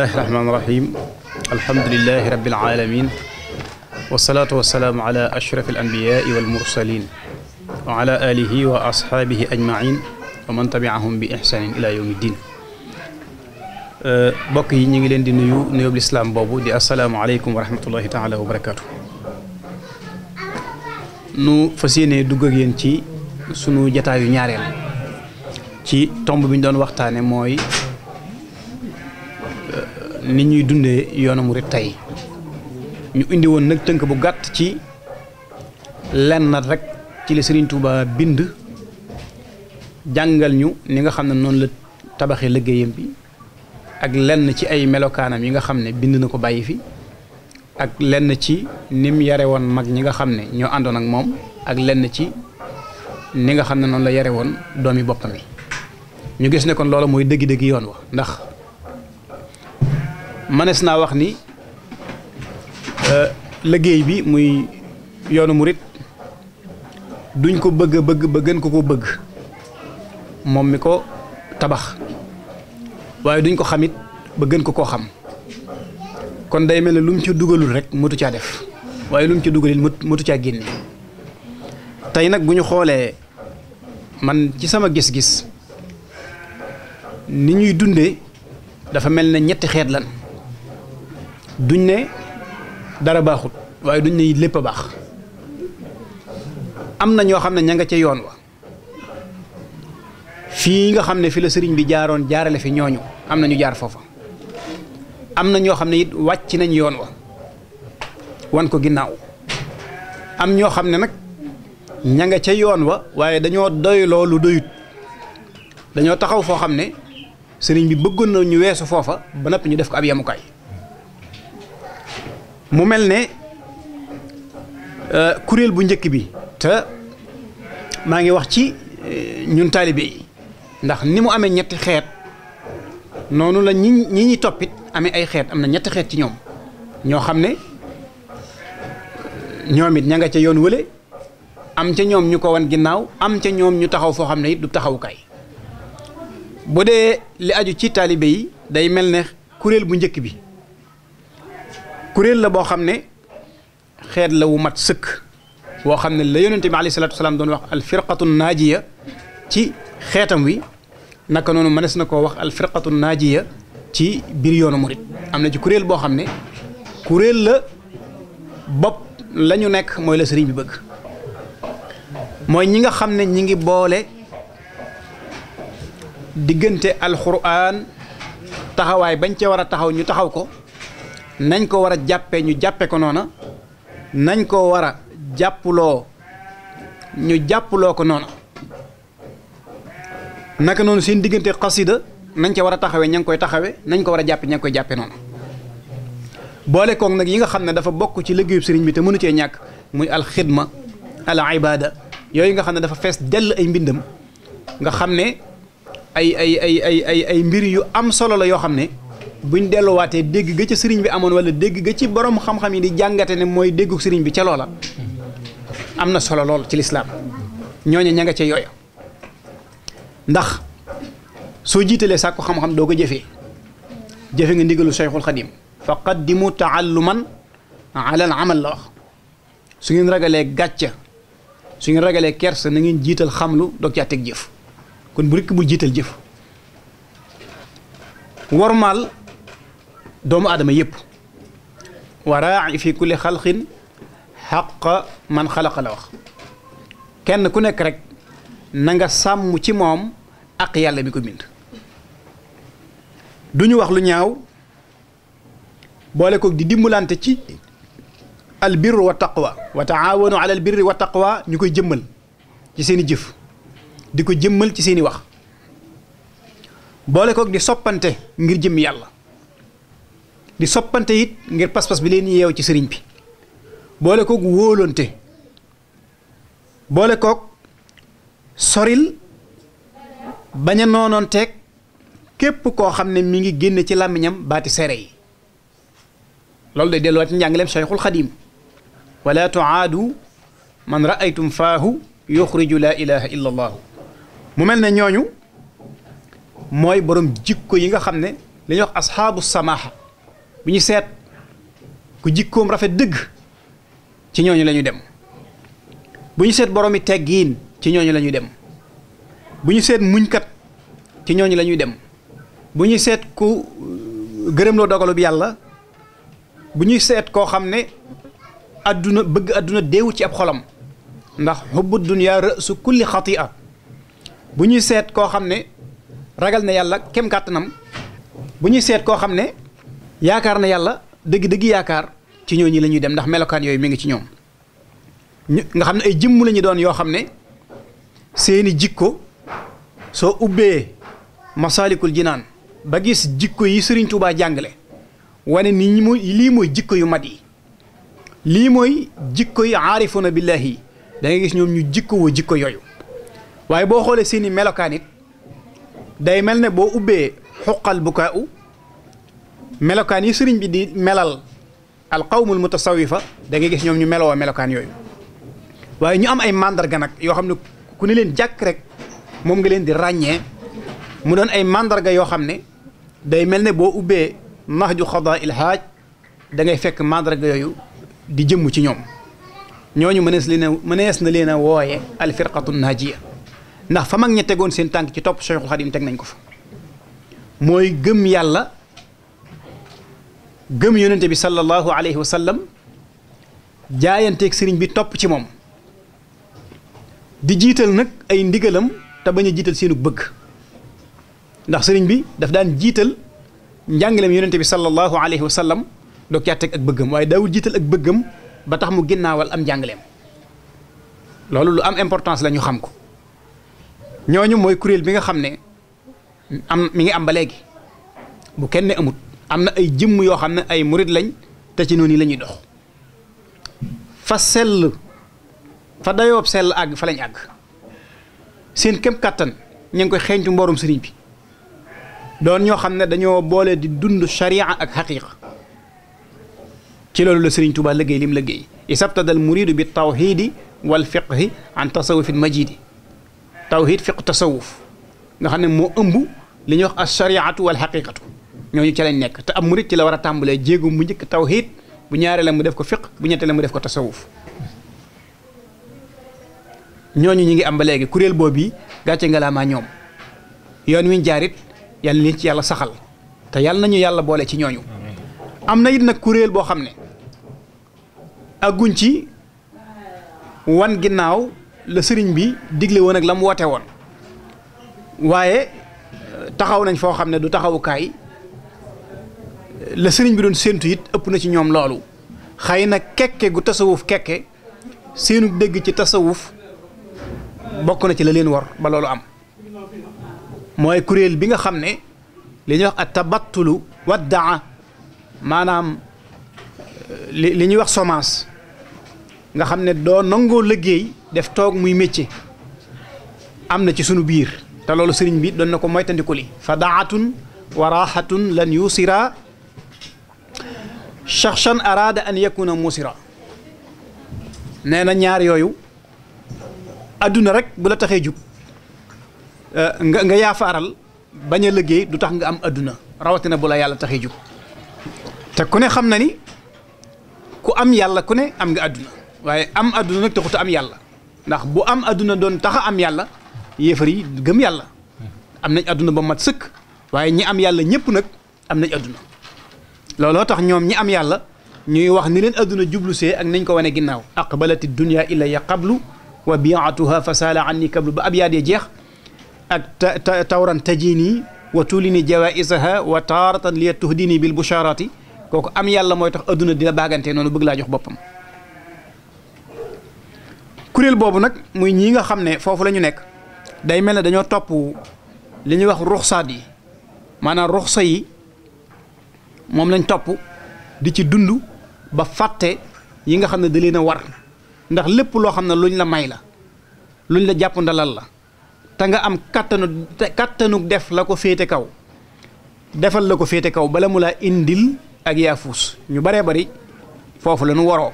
bismillahi rahmaani rahim alhamdulilahi rabbil alamin wasalaatu wasalaamu ala ashraf al anbiyai wal mursalin wa ala alihi wa ashaabihi ajmain wa man tabiahum bi ihsanin ila yawmi din euh, mbokk yi ñu ngi leen di nuyu nuyoob lislaam boobu di asalaamualeykum wa rahmatullahi taala wa barakaatu nu fas yéene dugg ak yéen ci sunu jataayu ñaareel ci tomb bi ñu doon waxtaane mooy ni ñuy dunde yoonamu murit tey ñu indi woon nag tënk bu gàtt ci lenn rek ci li Serigne Touba bind jàngal ñu ni nga xam ne noonu la tabaxee liggéeyam bi ak lenn ci ay melokaanam yi nga xam ne bind na ko bàyyi fi ak lenn ci nim yare woon mag ñi nga xam ne ñoo àndoon ak moom ak lenn ci ni nga xam ne noonu la yare woon doomi boppam yi ñu gis ne loolu mooy dëgg-dëgg yoon wa ndax manees naa wax ni euh, liggéey bi muy yoonu murit duñ ko bëgg a ba gën ko ko bëgg moom mi ko tabax waaye duñ ko xamit ba gën ko koo xam kon day mel ne lu ci dugalul rek mëtu caa def waaye lu mu ci dugalil mëtu caa génne tey nag bu ñu xoolee man ci sama gis-gis ni ñuy dunde dafa mel ne ñetti xeet lan duñ ne dara baaxut waaye duñ ne lépp a baax am na ñoo xam ne ña nga ca yoon wa fii nga xam ne fi la sëriñ bi jaaroon jaarale fi ñooñu am na ñu jaar foofa am na ñoo xam ne it wàcc nañ yoon wa wan ko ginnaaw am ñoo xam ne nag ña nga ca yoon wa waaye dañoo doy loolu doyut dañoo taxaw foo xam ne sëriñ bi bëggoon na ñu weesu foofa ba noppi ñu def ko ab yemukaay mu mel ne euh, kuréel bu njëkk bi te maa ngi wax ci euh, ñun taalibe yi ndax ni mu amee ñetti xeet noonu la ñi ñi ñi toppit amee ay xeet am na ñetti xeet ci ñoom ñoo xam ne ñoom it ña nga ca yoon wële am ca ñoom ñu ko wan ginnaaw am ca ñoom ñu taxaw foo xam ne it du taxawukaay bu dee li aju ci taalibe yi day mel ne kuréel bu njëkk bi kuréel la boo xam ne xeet la wu mat sëkk boo xam ne la yonente bi alayhi salaatu wasalaam doon wax alfirqatu naajiya ci xeetam wi naka noonu mënees na koo wax alfirqatu ya ci biir yoonu murit am na ci kuréel boo xam ne kuréel la bopp la ñu nekk mooy la sëriñ bi bëgg mooy ñi nga xam ne ñi ngi boole diggante alxuraan taxawaay bañ ca war a taxaw ñu taxaw ko nañ ko war a jàppee ñu jàppe ko noona nañ ko war a jàppuloo ñu jàppuloo ko noona naka noonu seen diggante xasida nañ ca war a taxawee ña ngi koy taxawee nañ ko war jàppe ña ngi koy jàppe noona boole nag yi nga xam ne dafa bokk ci liggéeyub sëriñ bi te mënu cee ñàkk muy alxidma al ibada yooyu nga xam ne dafa fees dell ay mbindam nga xam ne ay ay ay ay ay ay mbir yu am solo la yoo xam ne buñ delluwaatee dégg ga ca sëriñ bi amoon wala dégg ga ci borom xam-xam yi di jàngate ne mooy déggu sëriñ bi ca loola am na solo lool ci lislaam ñooñu ña nga ca yooya ndax soo jiitalee sàkku xam-xam doo ko jëfee jëfe nga ndigalu Cheikhul Xadim fa qaddimu taalluman ala al amal la wax su ngeen ragalee gàcca su ngeen ragalee kersa na ngeen jiital xamlu doog caa teg jëf kon bu rikk bu jiital jëf wormaal doomu aadama yépp wa raaci fi kulli xalqin man xalaqa la wax kenn ku nekk rek nanga sàmm ci moom ak yàlla mi ko bind du ñu wax lu ñaaw boole ko di dimbalante ci albirru wa taqwa wa taawanu ala albirri wa taqwa ñu koy jëmmal ci seeni jëf di ko jëmmal ci seeni wax boole koog di soppante ngir jëmm yàlla di soppante it ngir pas-pas bi leen yeew ci sëriñ bi boole koog wóolonte boole kook soril bañ a noonoonteeg képp koo xam ne mu ngi génn ci làmmiñam baati sere yi loolu day delluwaat ci njàngaleem Cheikhul Xadim wala tuaadu man raaytum faahu yuxriju laa ilaha illa mu mel ne ñooñu mooy borom jikko yi nga xam ne li ñuy wax asxaabu bu ñu seet ku jikkoom rafet dëgg ci ñooñu lañuy ñuy dem bu ñu seet boroomi teggiin ci ñooñu lañuy dem bu ñu seet muñkat ci ñooñu la ñuy dem bu ñuy seet ku uh, gërëm loo dogalub yàlla bu ñuy seet koo xam ne adduna bëgg àdduna déewut ci ab xolam ndax xubbu dunya rësu kulli xatia bu ñuy seet koo xam ne ragal na yàlla kem kàttanam bu ñuy seet koo xam ne yaakaar na yàlla dëgg-dëgg yaakaar ci ñooñu lañuy dem ndax melokaan yooyu mu ngi ci ñoom ñu nga xam ne ay jëmm lañuy doon yoo xam ne seeni jikko soo ubbee masaalikul jinaan ba gis jikko yi Serigne Touba jàngale wane ni ñi mooy lii mooy jikko yu mat yi lii mooy jikko yi aarifuna billahi da nga gis ñoom ñu jikko woo jikko yooyu waaye boo xoolee seeni melokaan it day mel ne boo ubbee xuqal bukaau melokaan yi sëriñ bi di melal al qawmul mutasawifa fa dangay gis ñoom ñu meloo melokaan yooyu waaye ñu am ay màndarga nag yoo xam ne ku ne leen jàkk rek moom nga leen di ràññee mu doon ay mandarga yoo xam ne day mel ne boo ubbee nahju ju il haaj da ngay fekk mandarga yooyu di jëmm ci ñoom ñooñu mënees leen a mënees na leen a wooye al firqatu naajiya ndax fa mag ña tegoon seen tànk ci topp Cheikhul Xadim teg nañ ko fa mooy gëm yàlla gëm yonente bi sallallahu alayhi wa sallam jaayanteeg sëriñ bi topp ci moom di jiital nag ay ndigalam te bañ jiital seenu bëgg ndax sëriñ bi daf daan jiital njàngaleem yonente bi sallallahu alayhi wa sallam doo caateeg ak bëggam waaye daawul jiital ak bëggam ba tax mu ginnaawal am njàngaleem loolu lu am importance lañu xam ko ñooñu mooy kuréel bi nga xam ne am mi ngi am ba léegi bu kenn amut. am na ay jëmm yoo xam ne ay murit lañ te ci noonu la ñuy dox fa sell fa dayoob sell àgg fa lañ àgg seen kem kàttan ñu ngi koy xeeñtu mboorum sëriñ bi doon ñoo xam ne dañoo boole di dund sharia ak xaqiiqa ci loolu la sëriñ Tuubaa liggéey lim liggéey isabtada dal muridu bi tawhidi wal fiqhi an tasawufin majidi tawhid fiq tasawuf nga xam ne moo ëmb li ñuy wax as shariatu wal xaqiqatu ñooñu ca nekk te am murit la war a tàmbalee jéegu mu njëkk tawhiid bu ñaareelam mu def ko fiq bu ñetteelam mu def ko tasawuf ñooñu ñu ngi am ba léegi kuréel boobu yi gàcce ngalaamaa ñoom yoon wi jaarit yal na ci yàlla saxal te yal nañu yàlla boole ci ñooñu am na it nag kuréel boo xam ne agguñ ci wan ginnaaw la sëriñ bi digle woon ak la mu woote woon waaye taxaw nañ foo xam ne du taxawukaay la sëriñ bi doon séentu it ëpp na ci ñoom loolu xëy na kekke gu tasawuf kekke seenu dégg ci tasawuf bokk na ci la leen war ba loolu am mooy kuréel bi nga xam ne li ñuy wax at tabattulu waddaa maanaam li li ñuy wax semence nga xam ne doo nangoo liggéey def toog muy métier am na ci sunu biir te loolu sëriñ bi doon na ko moytandikuli fadaatun wa raaxatun lan yusira shaxshan araada an yakuna musira nee na ñaar yooyu adduna rek bu la taxee jug eh, nga nga yaafaaral bañ a liggéey du tax nga am adduna rawatina bu la yàlla taxee jug te ku ne xam na ni ku am yàlla ku ne am nga adduna waaye am adduna nag taxut am yàlla ndax bu am adduna doon taxa am yàlla yéefar gëm yàlla am nañ adduna ba mat sëkk waaye ñi am yàlla ñëpp nag am nañ adduna looloo tax ñoom ñi am yàlla ñuy wax ni leen adduna jublu see ak nañ ko wane ginnaaw aqbalati dunya ilaya qablu wa biatuha fasala anni qablu ba ab yaadee jeex ak ta tawran tajini wa tulini jawaisaha wa taaratan liya tuhdini bil busharati kooku am yàlla mooy tax àdduna di la baagante noonu bëgg laa jox boppam kuréel boobu nag muy ñii nga xam ne foofu la ñu nekk day mel ne dañoo topp li ñuy wax ruxsaat yi maanaam ruxsa yi moom lañ topp di ci dund ba fàtte yi nga xam ne da leen a war ndax lépp loo xam ne luñ la may la luñ la jàpp ndalal la te nga am kattanu kattanu def la ko féete kaw defal la ko féete kaw bala mu laa indil ak yaafuus ñu baree bari foofu la ñu waroo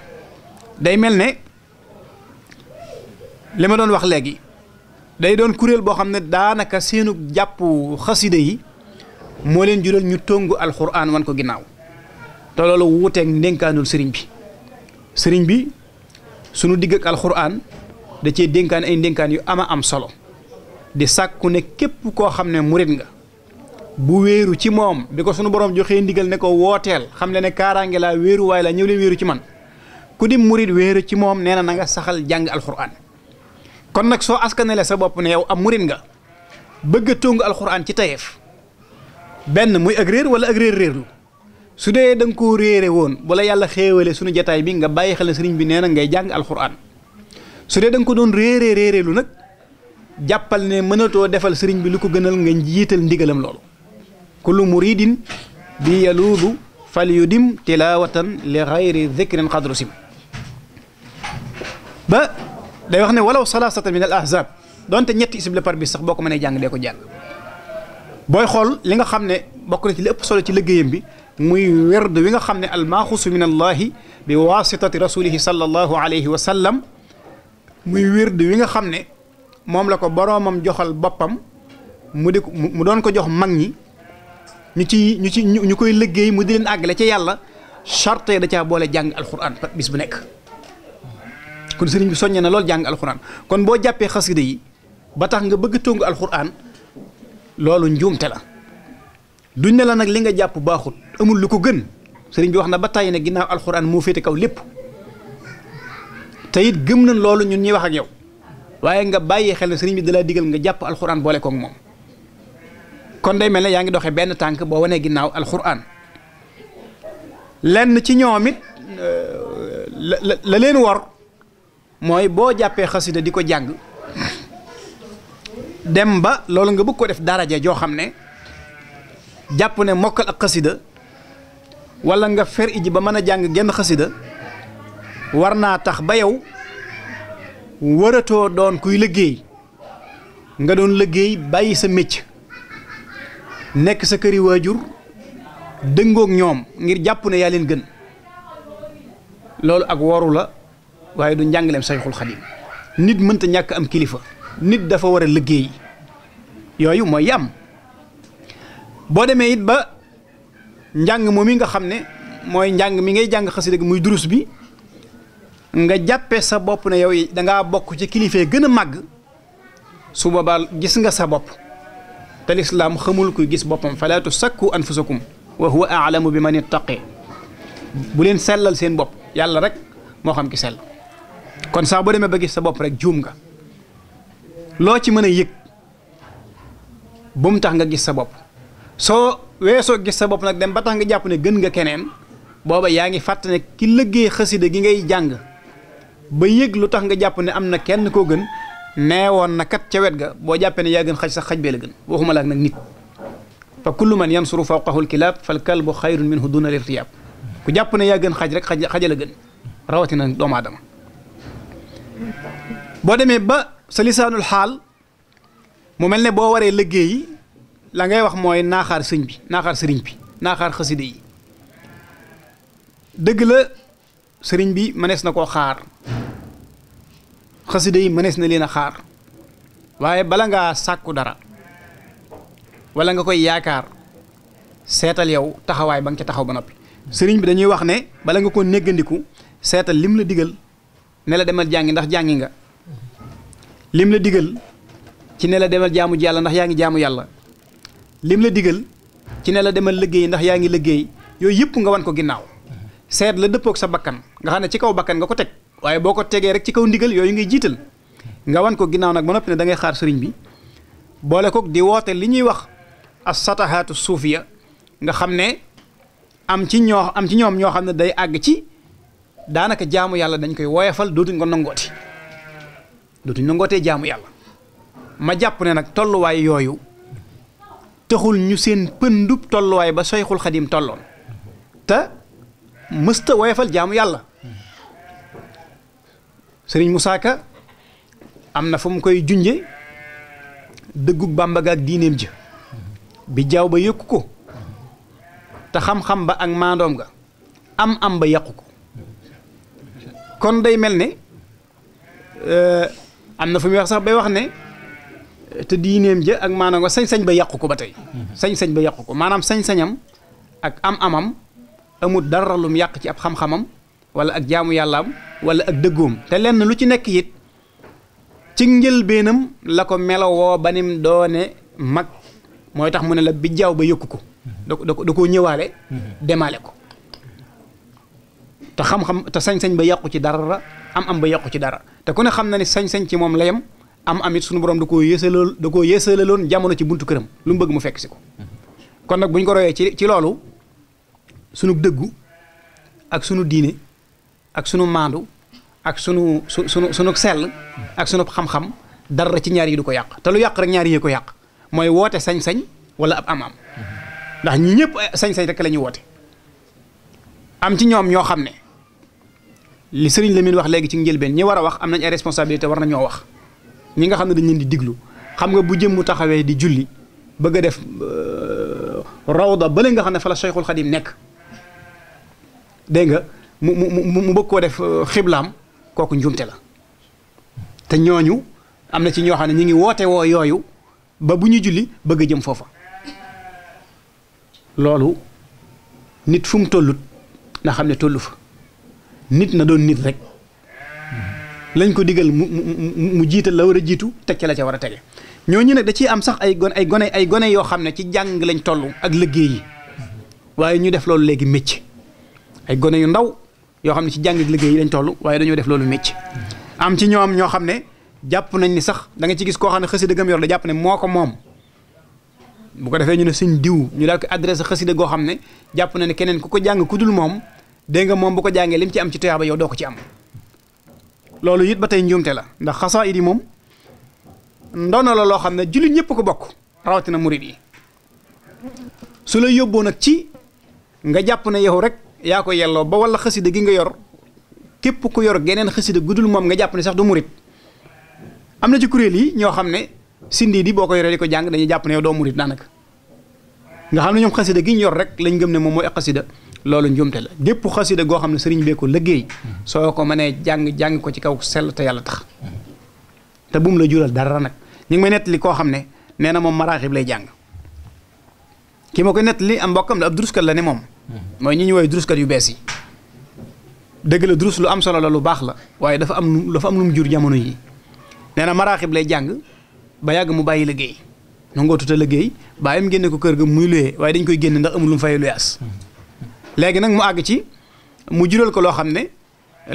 day mel ne li ma doon wax léegi day doon kuréel boo xam ne daanaka seenu jàpp xasida yi moo leen julal ñu tongu alxuraan wan ko ginnaaw te loolu wuuteeg ndénkaanul sëriñ bi sëriñ bi sunu digg ak alxuraan da cee dénkaan ay ndénkaan yu ama am solo di sàkku ne képp koo xam ne murit nga bu wéeru ci moom bi ko sunu borom joxee ndigal ne ko wooteel xam le ne kaaraange laa la ñëw leen wéeru ci man ku di murit wéeru ci moom nee na na saxal jàng alxuraan kon nag soo askanale sa bopp ne yow am murit nga bëgg a tongu alxuraan ci tayeef benn muy ak réer wala ak réer réerlu su dee danga ko réere woon wala yàlla xéewale suñu jataay bi nga bàyyi xel ne sëriñ bi nee na ngay jàng alxuraan su dee danga ko doon réeree réereelu nag jàppal ne mënatoo defal sëriñ bi lu ko gënal nga jiital ndigalam loolu kullu muridin bi yaluudu fal yudim tilawatan li xayri dikrin xadru sim ba day wax ne walaw salaasatan min al ahzab donte ñetti isib la par bis sax boo ko mënee jàng dee ko jàng booy xool li nga xam ne bokk na ci li ëpp solo ci liggéeyam bi muy werd wi nga xam ne almaaxusu min allahi bi wasitati rasulihi sallallahu alayhi wa sallam muy wird wi nga xam ne moom la ko boroomam joxal boppam mu di mu doon ko jox mag ñi ñu ci ñu ci ñu koy liggéey mu di leen àggale ci yàlla charte da caa boole jàng alquran bis bu nekk kon sëriñ bi soññe na lool jàng alquran kon boo jàppee xasida yi ba tax nga bëgg tóngu alquran loolu njuumte la duñ ne la nag li nga jàpp baaxut amul lu ko gën sëriñ bi wax na ba tàyyi ne ginnaaw alxuraan moo féete kaw lépp te it gëm na loolu ñun ñuy wax ak yow waaye nga bàyyi xel ne sëriñ bi dalaa digal nga jàpp alxuraan boole koog moom kon day mel ne yaa ngi doxe benn tànk boo wanee ginnaaw alxuraan lenn ci ñoom it euh, la leen war mooy boo jàppee xasida di ko jàng dem ba loolu nga bëgg ko def daraja joo xam ne jàpp ne mokkal ak xasida walla nga fer iji ba mën a jàng genn xasida war naa tax ba yow waratoo doon kuy liggéey nga doon liggéey bàyyi sa mécc nekk sa këri waajur dëngook ñoom ngir jàpp ne yaa leen gën loolu ak woru la waaye du njàngaleem sayxul xadim nit mënta ñàkk am kilifa nit dafa war a liggéey yooyu mooy yam boo demee it ba njàng moom mi nga xam ne mooy njàng mi ngay jàng xasida gi muy durus bi nga jàppee sa bopp ne yow da ngaa bokk ci kilifa yi gën a màgg su boobaa gis nga sa bopp te lislaam xamul kuy gis boppam falaa tusakku anfusakum wa huwa aalamu bi man ittaqi bu leen sellal seen bopp yàlla rek moo xam ki sell kon saa boo demee ba gis sa bopp rek juum nga loo ci mën a yëg bu mu tax nga gis sa bopp soo weesoo gis sa bopp nag dem ba tax nga jàpp ne gën nga keneen booba yaa ngi fàtt ne ki lëggee xasida gi ngay jàng ba yëg lu tax nga jàpp ne am na kenn koo gën neewoon na kat ca wet ga boo jàppee ne yaa gën xaj sax xaj bee la gën waxuma laak nag nit fa kullu man yan yansuru fawqahu alkilaab fal kalbu xayrun minhu duna lirtiyaab ku jàpp ne yaa gën xaj rek xaj xaj la gën rawatina doomu aadama boo demee ba sa lisaanul xaal mu mel ne boo waree liggéey yi la ngay wax mooy naaxaar sëñ bi naaxaar sëriñ bi naaxaar xaside yi dëgg la sëriñ bi mënees na koo xaar xaside yi mënees na leen a xaar waaye bala ngaa sàkku dara wala nga koy yaakaar seetal yow taxawaay ba nga ca taxaw ba noppi sëriñ bi dañuy wax ne bala nga ko néggandiku seetal lim la digal ne la demal jàngi ndax jàngi nga lim la digal ci ne la demal jaamu yàlla ndax yaa ngi jaamu yàlla lim la digal ci ne la demal liggéey ndax yaa ngi liggéey yooyu yëpp nga wan ko ginnaaw seet la dëppoog sa bakkan nga xam ne ci kaw bakkan nga ko teg waaye boo ko tegee rek ci kaw ndigal yooyu ngay jiital nga wan ko ginnaaw nag ba noppi ne da ngay xaar sëriñ bi boole ko di woote li ñuy wax a as suuf ya nga xam ne am ci ñoo am ci ñoom ñoo xam ne day àgg ci daanaka jaamu yàlla dañ koy woyafal dootuñ ko nangooti dootuñ nangootee jaamu yàlla ma jàpp ne nag tolluwaay yooyu taxul ñu seen pëndub tolluwaay ba soyxul xadim tolloon te mësta woyofal jaamu yàlla sëriñ Moussa Ka am na fu mu koy junje dëggug Bàmba ga ak diineem ja bi jaaw ba yëkku ko te xam-xam ba ak maandoom ga am am ba yàqu ko kon day mel ne euh, am na fu muy wax sax bay wax ne te diineem ja ak maanaam nga sañ-sañ ba yàqu ko ba tey mhm. sañ-sañ ba yàqu ko maanaam sañ-sañam ak am-amam amul dara lum yàq ci ab xam-xamam wala ak jaamu yàllaam wala ak dëggoom te lenn lu ci nekk yit ci njëlbeenam la ko melowoo ba nim doone mag mooy tax mu ne la bi jaaw ba yëkku mhm. ko da ko da koo ñëwaale mhm. demaale ko te xam-xam te sañ-sañ ba yàqu ci dara am-am ba yàqu ci dara te ku ne xam na ne sañ-sañ ci moom la yem am-am it suñu borom da koo yéesaloon da koo yéesalaloon jamono ci buntu këram lu mu bëgg mu fekk si ko. kon nag buñ ko royee ci ci loolu sunu dëggu ak sunu diine ak sunu maandu ak sunu su sunu sunu sell ak sunu xam-xam dara ci ñaar yi du ko yàq te lu yàq rek ñaar yi ko yàq mooy woote sañ-sañ wala ab am-am ndax ñi ñëpp eh, sañ-sañ rek lañuy woote am ci ñoom ñoo xam ne. li sëriñ Lamine wax léegi ci njëlbeen ñi war a wax am nañ ay responsabilité war nañoo wax ñi nga xam ne dañ leen di diglu xam nga bu jëm mu taxawee di julli bëgg a def euh, rawda ba nga xam ne fa la Cheikhul Khadim nekk dégg nga mu mu mu bëgg koo def euh, xiblaam kooku njuumte la te ñooñu am na ci ñoo xam ne ñu ngi woote woo yooyu ba bu ñu julli bëgg jëm foofa loolu nit fum mu tollut na xam ne tollu fa. nit na doon nit rek lañ ko digal mu mu jiital la war a jiitu teg ca la ca war a tege ñooñu nag da ciy am sax ay gone ay gone ay gone yoo xam ne ci jàng lañ toll ak liggéey yi waaye ñu def loolu léegi métier ay gone yu ndaw yoo xam ne ci jàng liggéey lañ toll waaye dañoo def loolu métier am ci ñoo ñoom ñoo xam ne jàpp nañ ni sax danga ci gis koo xam ne xasida gam yor la jàpp ne moo ko moom bu ko defee ñu ne suñ diw ñu daal ko adresse xasida goo xam ne jàpp na ne keneen ku ko jàng ku dul moom dégg nga moom bu ko jàngee lim ci am ci tuyaaba yow doo ko ci am loolu it ba tey njuumte la ndax xasaayid yi moom ndono la loo xam ne jullit ñëpp ko bokk rawatina murid yi su lay yóbboo nag ci nga jàpp ne yow rek yaa ko yelloo ba wala xasida gi nga yor képp ku yor geneen xasida guddul moom nga jàpp ne sax du murid am na ci kuréel yi ñoo xam ne sindi di boo ko yoree di ko jàng dañuy jàpp ne yow doo murid daanaka nga xam ne ñoom xasida gi ñu yor rek gëm ne moom mooy xasida loolu njuumte la gépp xasida goo xam ne sëriñ bee ko liggéey mm-hmm. soo ko mënee jàng jàng ko ci kaw sell te yàlla tax mm-hmm. te bu la jural dara nag ñu ngi may nettali koo xam ne nee na moom maraaxib lay jàng ki ma koy nettali am mbokkam la ab la ne moom mm-hmm. mooy ñi ñu woowee druskat yu bees yi dëgg la drus lu am solo la lu baax la waaye dafa am lu dafa am lu mu jur jamono yi nee na maraaxib lay jàng ba yàgg mu bàyyi liggéey nangoo tuta liggéey bàyyam génne ko kër ga waaye dañ koy génne ndax amul lu fay luyaas léegi nag mu àgg ci mu jural ko loo xam ne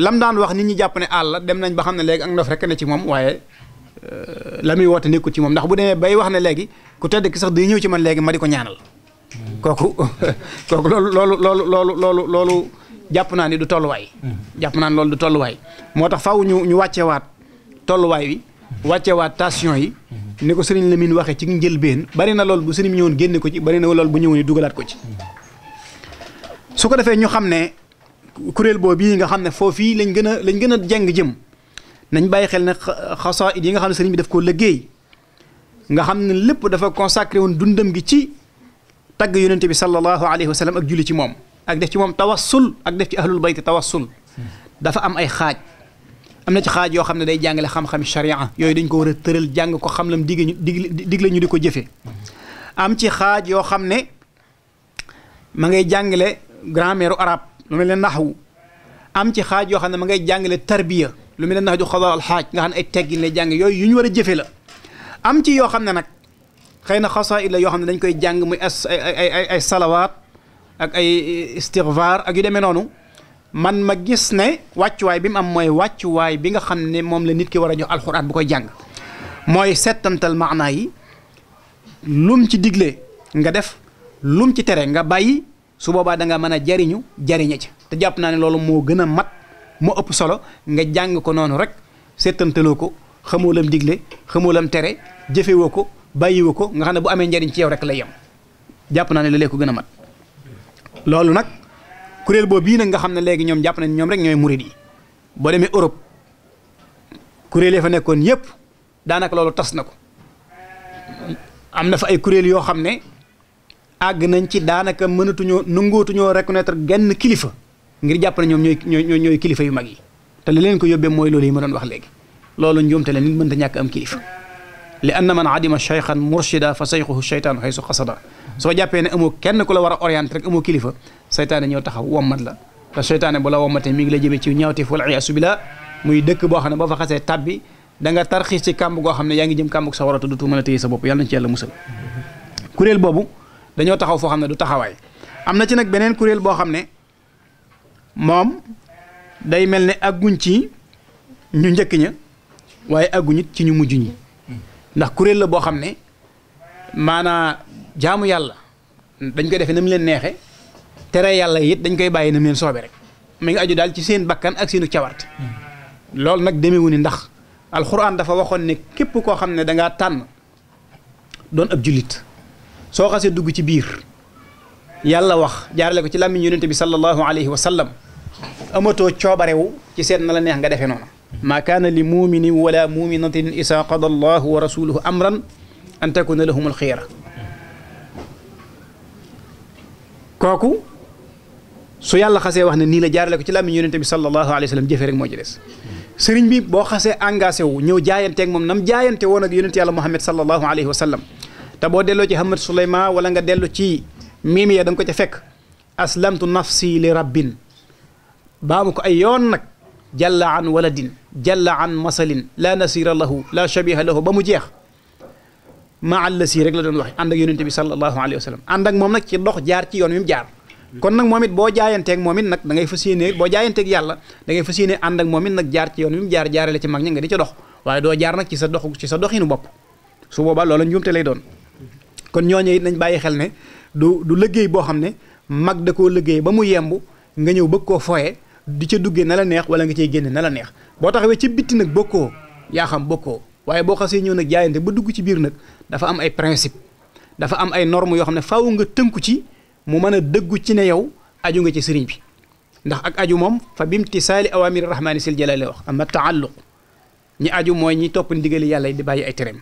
lam daan wax nit ñi jàpp ne àll dem nañ ba xam ne léegi ak ndof rek ne ci moom waaye euh, la muy woote nekkul ci moom ndax bu demee bay wax ne léegi ku tedd ki sax day ñëw ci man léegi ma di ko ñaanal kooku kooku loolu loolu loolu loolu loolu loolu jàpp naa ni du tolluwaay jàpp naa ni du tolluwaay moo tax faaw ñu ñu wàccewaat tolluwaay wi wàccewaat tension yi ni ko sëriñ Lamine waxee ci njëlbeen bari na loolu bu sëriñ ñëwoon génne ko ci bari na loolu bu ñëwoon dugalaat ko ci su ko defee ñu xam ne kuréel boobu yi nga xam ne foofii lañ gën a lañ gën a jàng jëm nañ bàyyi xel ne xasaayid yi nga xam ne sëriñ bi def koo liggéey nga xam ne lépp dafa consacré woon dundam gi ci tagg yonente bi sallallahu alayhi wa ak julli ci moom ak ci moom tawassul ak def ci ahlul bayt tawassul dafa am ay xaaj am na ci xaaj yoo xam ne day jàngale xam-xami sharia yooyu dañ ko war a tëral jàng ko xam la mu digg ñu digle ñu di ko jëfe am ci xaaj yoo xam ne ma ngay jàngale grammaire arabe lu mel ne naxwu am ci xaaj yoo xam ne ma ngay jàngale tarbiya lu mel ne naxju xadal xaaj nga xam ne ay teggin lay jàng yooyu yu ñu war a jëfe la am ci yoo xam ne nag xëy na xasaayid yoo xam ne dañ koy jàng muy ay ay ay ak ay istigfaar ak yu demee noonu man ma gis ne wàccuwaay bi mu am mooy wàccuwaay bi nga xam ne moom la nit ki war a jox alxuraan bu koy jàng mooy settantal maanaa yi lum ci digle nga def lum ci tere nga bàyyi su boobaa da nga mën a jariñu jariñe ca te jàpp naa ne loolu moo gën a mat moo ëpp solo nga jàng ko noonu rek seetantaloo ko xamoo lam digle xamoo lam tere jëfewoo ko bàyyiwoo ko nga xam ne bu amee njariñ ci yow rek lay yem jàpp naa ne la léeg ko gën a mat loolu nag kuréel boobu bii nag nga xam ne léegi ñoom jàpp nañ ñoom rek ñooy murid yi boo demee Europe kuréel yi fa nekkoon yépp daanaka loolu tas na ko am na fa ay kuréel yoo xam ne àgg nañ ci daanaka mënatuñoo nangootuñoo reconnaître genn kilifa ngir jàpp ne ñoom ñooy ñooy ñooy kilifa yu mag yi te li leen ko yóbbee mooy loolu yi ma doon wax léegi loolu njuumte la nit mënta ñàkk am kilifa li anna man adima cheykhan murshida fa seyxuhu cheytaanu xaysu xasada soo jàppee ne amoo kenn ku la war a orienté rek amoo kilifa seytaane ñëw taxaw wommat la te seytaane bu la wommatee mi ngi la jëmee ci ñaawteef wal iyaasu billah muy dëkk boo xam ne boo fa xasee tabbi da nga tarxiis ci kàmb goo xam ne yaa ngi jëm kàmb sa war a tudd tu mën a téye sa bopp dañoo taxaw foo xam ne du taxawaay am na ci nag beneen kuréel boo xam ne moom day mel ne agguñ ci ñu njëkk ña waaye agguñit ci ñu mujj ñi ndax kuréel la boo xam ne maanaa jaamu yàlla dañ koy defee na mu leen neexe tere yàlla it dañ koy bàyyi na mu leen soobe rek mi ngi aju daal ci seen bakkan ak seenu cawart loolu nag demewu ni ndax alxuraan dafa waxoon ne képp koo xam ne dangaa tànn doon ab jullit soo xasee dugg ci biir yàlla wax jaarale ko ci làmmiñ yonente bi sallallahu alayhi wa sallam amatoo coobarewu ci seet na la neex nga defee noonu maa kaana li muminin wala muminatin isa qada allahu wa rasuluhu amran an takuna lahum al xiyara kooku su yàlla xasee wax ne nii la jaarale ko ci làmmiñ yonente bi sallallahu alayhi wa sallam jëfee rek moo ci des sëriñ bi boo xasee engagé wu ñëw jaayanteeg moom nam jaayante woon ak yonente yàlla muhammad sallallahu alayhi wa sallam te boo delloo ci Hamad Souleymane wala nga dellu ci miim ya da ko ca fekk aslamtu nafsi li rabbin baamu ko ay yoon nag jalla an waladin jalla an masalin la nasira lahu la shabiha lahu ba mu jeex ma allasi rek la doon waxe ànd ak yonente bi sallallahu alayhi wa sallam ànd ak moom nag ci dox jaar ci yoon wi mu jaar kon nag moom it boo jaayanteek moom it nag da ngay fas yéene boo jaayanteeg yàlla da ngay fas yéene ànd moom it nag jaar ci yoon wi mu jaar jaarale ci mag ña nga di ca dox waaye doo jaar nag ci sa dox ci sa doxinu bopp su loola njuumte lay doon kon ñooñu it nañ bàyyi xel ne du du liggéey boo xam ne mag da koo liggéey ba mu yemb nga ñëw bëgg koo fooye di ca duggee na la neex wala nga cey génn na la neex boo taxawee ci bitti nag bokkoo yaa xam bokkoo waaye boo xasee ñëw nag jaayante ba dugg ci biir nag dafa am ay principe dafa am ay normes yoo xam ne faaw nga tënku ci mu mën a dëggu ci ne yow aju nga ci sëriñ bi ndax ak aju moom fa bimtisaali awaamiri rahmaani sil jalaali wax ama taalluq ñi aju mooy ñi topp ndigali yàlla di bàyyi ay tereem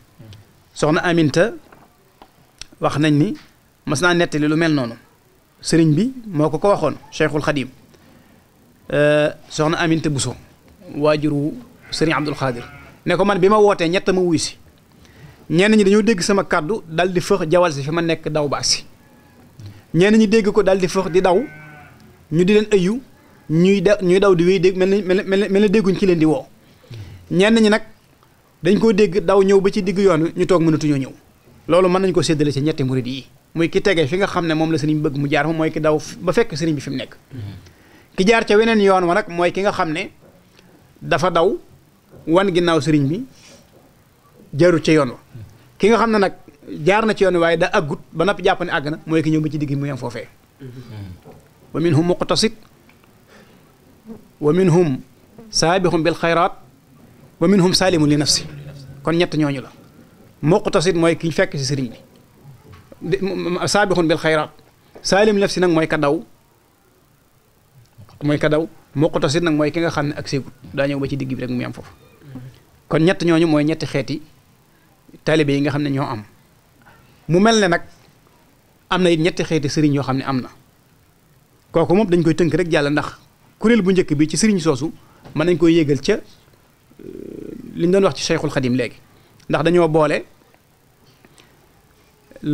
wax nañ ni mas naa nettali lu mel noonu sëriñ bi moo ko ko waxoon Cheikhul Khadim euh, soxna Aminte Bousso waajuru sëriñ Abdul Xaadir ne ko man bi ma wootee ñett ma wuy si ñenn ñi dañoo dégg sama kàddu dal di fëx jawal si fi ma nekk daw si ñenn ñi dégg ko dal di fëx di daw ñu di leen ëyu ñuy da ñuy daw di wéy dégg mel ni mel ni dégguñ ci leen di woo ñenn ñi nag dañ koo dégg daw ñëw ba ci digg yoon wi ñu toog mënatuñoo ñëw loolu mën nañ ko séddale ci ñetti murid yi muy ki tege fi nga xam ne moom la sëriñ bëgg mu jaar fa mooy ki daw ba fekk sëriñ bi fi mu nekk mm-hmm. ki jaar ca weneen yoon wa nag mooy ki nga xam ne dafa daw wan ginnaaw sëriñ bi jaarut ca yoon wa ki nga xam ne nag jaar na ci yoon waaye da aggut ba noppi jàpp ne àgg na mooy ki ñëw ba ci digg mu yem foofee mm-hmm. wa minhum muqtasid wa minhum saabixum bil xayraat wa minhum saalimun li nafsi kon ñett ñooñu la muqtasid mooy ki ñu fekk si sëriñ bi saabixun bil xayraat saalim si nag mooy ka daw mooy ka daw muqtasid nag mooy ki nga xam ne ak séegut daa ñëw ba ci digg bi rek mu am foofu kon ñett ñooñu mooy ñetti xeeti taalibe yi nga xam ne ñoo am mu mel ne nag am na it ñetti xeeti sëriñ yoo xam ne am na kooku moom dañ koy tënk rek jàll ndax kuréel bu njëkk bi ci sëriñ soosu mën nañ koy yégal ca euh, li ñu doon wax ci Cheikhul Xadim léegi ndax dañoo boole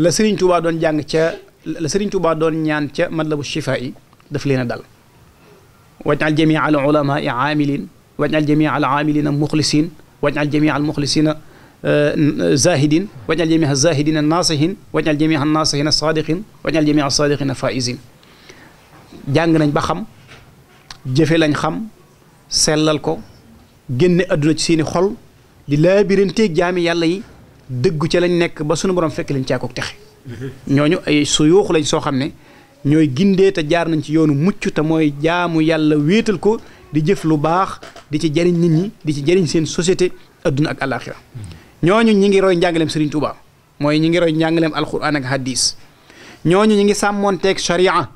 la Serigne Touba doon jàng ca la Serigne Touba doon ñaan ca matlabu chifa yi daf leen a dal wajnal jamia al ulama i aamilin wajnal jamia al aamilina muxlisin wajnal jamia al muxlisina euh, zahidin wajnal jamia zahidina naasihin wajnal jamia naasihina saadiqin wajnal jamia saadiqina faisin jàng nañ ba xam jëfe lañ xam sellal ko génne adduna ci xol di laabiranteeg jaami yàlla yi dëggu ca lañ nekk ba sunu borom fekk leen caakook texe ñooñu ay suyuux lañ soo xam ne ñooy gindee te jaar nañ ci yoonu mucc te mooy jaamu yàlla wéetal ko di jëf lu baax di ci jariñ nit ñi di ci jariñ seen société adduna ak àllaaxira ñooñu ñi ngi roy njàngaleem Serigne Touba mooy ñi ngi roy njàngaleem alquran ak hadis ñooñu ñi ngi sàmmoonteeg sharia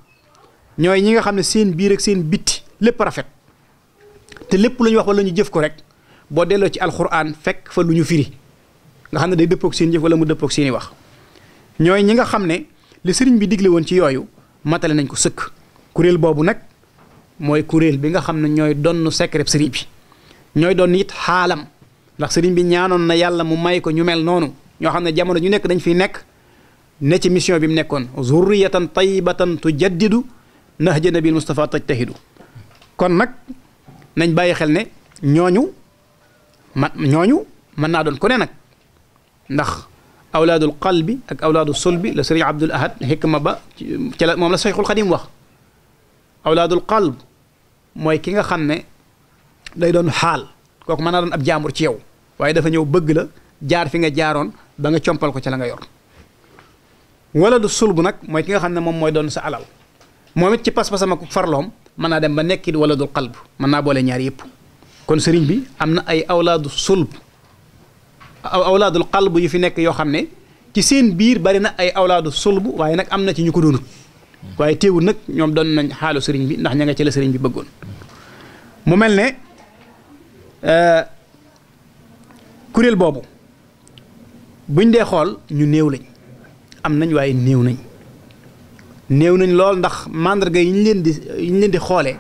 ñooy ñi nga xam ne seen biir ak seen bitti lépp rafet te lépp lu ñu wax ñu jëf ko rek boo delloo ci alxuraan fekk fa lu ñu firi nga xam ne day dëppoog seen jëf wala mu dëppoog seen i wax ñooy ñi nga xam ne li sëriñ bi digle woon ci yooyu matale nañ ko sëkk kuréel boobu nag mooy kuréel bi nga xam ne ñooy donn secret sëriñ bi ñooy doon it xaalam ndax sëriñ bi ñaanoon na yàlla mu may ko ñu mel noonu ñoo xam ne jamono ñu nekk dañ fiy nekk ne ci mission bi mu nekkoon zurriyatan tayyibatan tujaddidu nahja nabil mustafa tajtahidu kon nag nañ bàyyi xel ne ñooñu man ñooñu mën naa doon ku ne nag ndax awlaadul qalbi ak awlaadu sulbi la sëriñ Abdul Ahad xikma ba ci la moom la Sayxul Xadim wax awlaadul qalb mooy ki nga xam ne day doon xaal kooku mën naa doon ab jaambur ci yow waaye dafa ñëw bëgg la jaar fi nga jaaroon ba nga compal ko ci la nga yor wala du sulb nag mooy ki nga xam ne moom mooy doon sa alal moom it ci pas-pasam ak farloom mën naa dem ba nekkit wala dul qalb mën naa boole ñaari yëpp kon sëriñ bi am na ay awlaadu sulb awlaadul qalb yu fi nekk yoo xam ne ci seen biir bari na ay awlaadu sulb waaye nag am na ci ñu ko doonut waaye teewul nag ñoom doon nañ xaalo sëriñ bi ndax ña nga ci la sëriñ bi bëggoon mu mel ne euh, kuréel boobu buñ dee xool ñu néew lañ am nañ waaye néew nañ néew nañ lool ndax mandarga yi ñu leen di yi leen di xoolee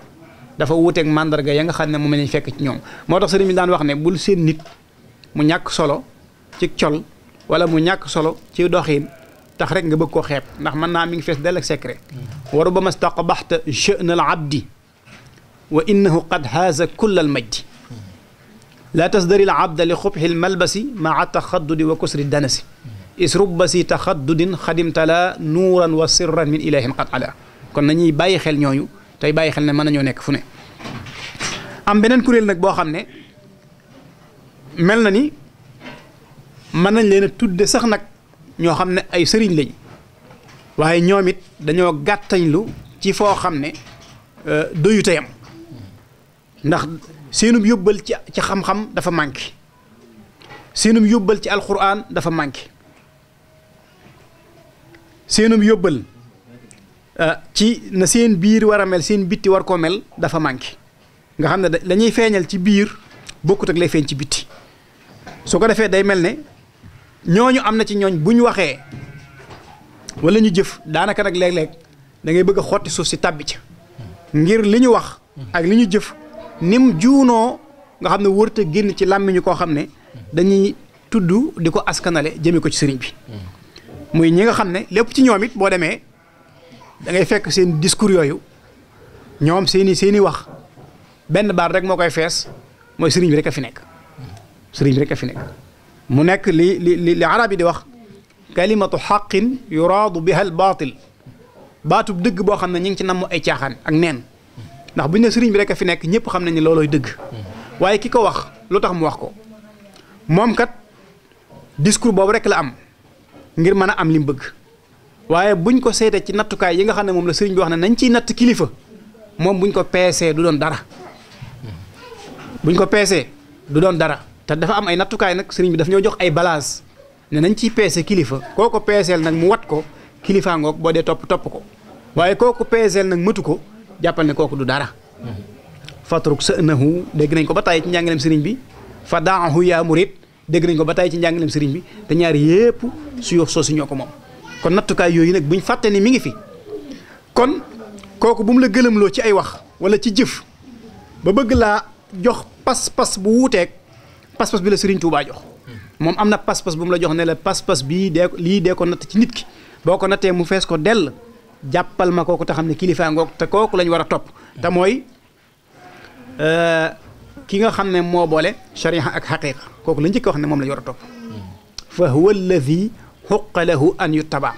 dafa wuuteeg màndarga ya nga xam ne moom lañ fekk ci ñoom moo tax sëriñ bi daan wax ne bul seen nit mu ñàkk solo ci col wala mu ñàkk solo ci doxiin tax rek nga bëgg ko xeeb ndax mën naa mi ngi fees dell ak secret wa rubbama staqbaxta cha'na al abdi wa innahu qad haaza kull al majdi laa tasdari al abda li xubxi al malbasi maa taxaddudi wa kusri danasi is rubba si taxaddudin xadimtala nuuran wa sirran min ilahin qad ala kon nañuy bàyyi xel ñooñu tey bàyyi xel ne mën nañoo nekk fu ne am beneen kuréel nag boo xam ne mel na ni mën nañ leen a tudde sax nag ñoo xam ne ay sëriñ lañ waaye ñoom it dañoo gàttañlu ci foo xam ne euh, doyu tayam ndax seenum yóbbal ci ci xam-xam dafa manqué seenum yóbbal ci alxuraan dafa manqué seenum yóbbal Euh, ci na seen biir war a mel seen bitti war koo mel dafa manqué nga xam ne dañuy feeñal ci biir bokkut ak lay feeñ ci bitti su ko defee day mel ne ñooñu am na ci ñooñ bu ñu waxee wala ñu jëf daanaka nag léeg-léeg dangay ngay bëgg a xotti suuf si tàbbi ca ngir li ñu wax ak li ñu jëf nim juunoo nga xam ne wërta génn ci làmmiñu koo xam ne dañuy tudd di ko askanale jëme ko ci sëriñ bi muy ñi nga xam ne lépp ci ñoom it boo demee dangay fekk seen discours yooyu ñoom seeni seeni wax benn baat rek moo koy fees mooy sëriñ bi rek a fi nekk sëriñ rek a fi nekk mu nekk li li li arab yi di wax kalimatu xaqin yuraadu biha al baatil baatub dëgg boo xam ne ñu ngi ci namm ay caaxaan ak neen ndax buñ ne sëriñ bi rek a fi nekk ñëpp xam nañ ne loolooy dëgg waaye ki ko wax lu tax mu wax ko moom kat discours boobu rek la am ngir mën a am li bëgg waaye buñ ko seete ci nattukaay yi nga xam ne moom la sëriñ bi wax ne nañ ciy natt kilifa moom buñ ko peesee du doon dara buñ ko peesee du doon dara te dafa am ay nattukaay nag sëriñ bi daf ñoo jox ay balance ne nañ ciy peese kilifa koo ko peeseel nag mu wat ko kilifaa ngoog boo dee topp topp ko waaye kooku peeseel nag mëtu ko jàppal ne kooku du dara fatruk sa nahu dégg nañ ko ba tàyyi ci njàngaleem sëriñ bi fa daahu yaa murid dégg nañ ko ba tàyyi ci njàngaleem sëriñ bi te ñaar yépp suyoo soosi ñoo ko moom kon nattukaay yooyu nag buñ fàtte ni mu ngi fi kon kooku bu mu la gëlëmloo ci ay wax wala ci jëf ba bëgg laa jox pas-pas bu wuuteeg pas-pas bi la Serigne Touba jox moom am na pas-pas bu mu la jox ne la pas-pas bii dee lii dee ko natt ci nit ki boo ko nattee mu fees ko dell jàppal ma kooku te xam ne kilifaa ngoog te kooku lañ war a topp te mooy euh, ki nga xam ne moo boole shariha ak xaqiqa kooku la njëkk wax ne moom lañ war a topp xuqa lahu an yuttaba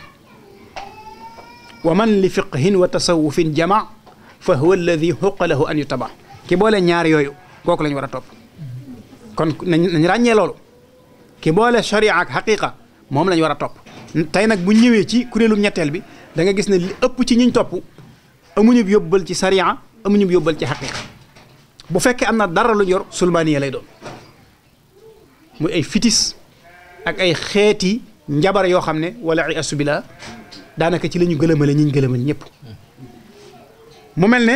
wa man li fiqhin wa tasawufin jama fa huwa alladi xuqa lahu an yuttaba ki boole ñaar yooyu kooku la war a topp kon nañ ràññee loolu ki boole sharia ak xaqiqa moom la war a topp tey nag bu ñëwee ci kuréelu ñetteel bi da gis ne li ëpp ci ñiñ topp mu ñub yóbbal ci sharia amuñu yóbbal ci xaqiqa bu fekkee am na dara lu ñu yor sulmaaniya lay doon mu ay fitis ak ay xeeti njabar yoo xam ne wala iyasu billah daanaka ci lañu ñu gëlëmale ñi ñu gëlëmal ñëpp mu mel ne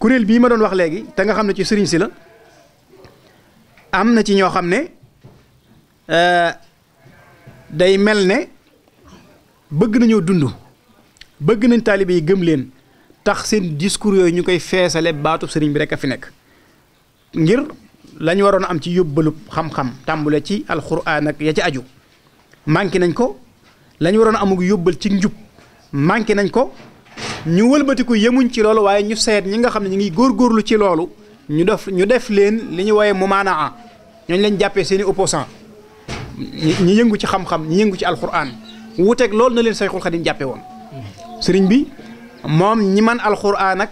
kuréel bii ma doon wax léegi te nga xam ne ci sëriñ si la am na ci ñoo xam ne euh, day mel ne bëgg nañoo dund bëgg nañ taalibe yi gëm leen tax seen discours yooyu ñu koy feesale baatu sëriñ bi rek a fi nekk ngir lañu waroon am ci yóbbalub xam-xam tàmbule ci alxuraan ak ya ci aju manqué nañ ko la waroon a amug yóbbal ci njub manqué nañ ko ñu wëlbatiku yemuñ ci loolu waaye ñu seet ñi nga xam ne ñu ngi góorlu ci loolu ñu def ñu def leen li ñu wooyee mumaanaa ñooñu lañ jàppee seen i opposant ñi yëngu ci xam-xam ñi yëngu ci alquran wuuteeg loolu na leen Sayxul Xadim jàppe woon sëriñ bi moom ñi man alquran nag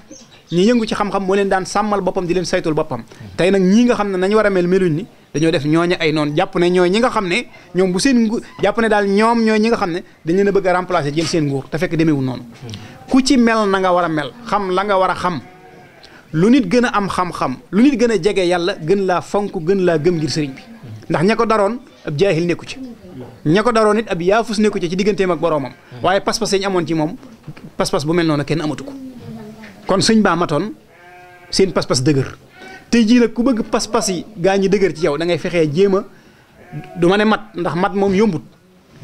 ñi yëngu ci xam-xam moo leen daan sàmmal boppam di leen saytul boppam tey nag ñii nga xam na nañu war a mel meluñ ni dañoo def ñoo ñooñu ay noonu jàpp ne ñooy ñi nga xam ne ñoom bu seen nguur jàpp ne daal ñoom ñooy ñi nga xam ne dañ leen a bëgg a remplacer jël seen nguur te fekk demeewul noonu ku ci mel na nga war a mel xam la nga war a xam lu nit gën a am xam-xam lu nit gën a jege yàlla gën laa fonk gën laa gëm ngir sëriñ bi ndax ña ko daroon ab jaahil nekku ci ña ko daroon it ab yaafus nekku ci ci digganteem ak boroomam waaye pas-pas yi amoon ci moom pas bu mel noonu kenn amatu ko kon sëñ baa matoon seen pas-pas dëgër tey jii nag ku bëgg pas-pas yi gaa ñi dëgër ci yow da ngay fexee jéem du ma ne mat ndax mat moom yombut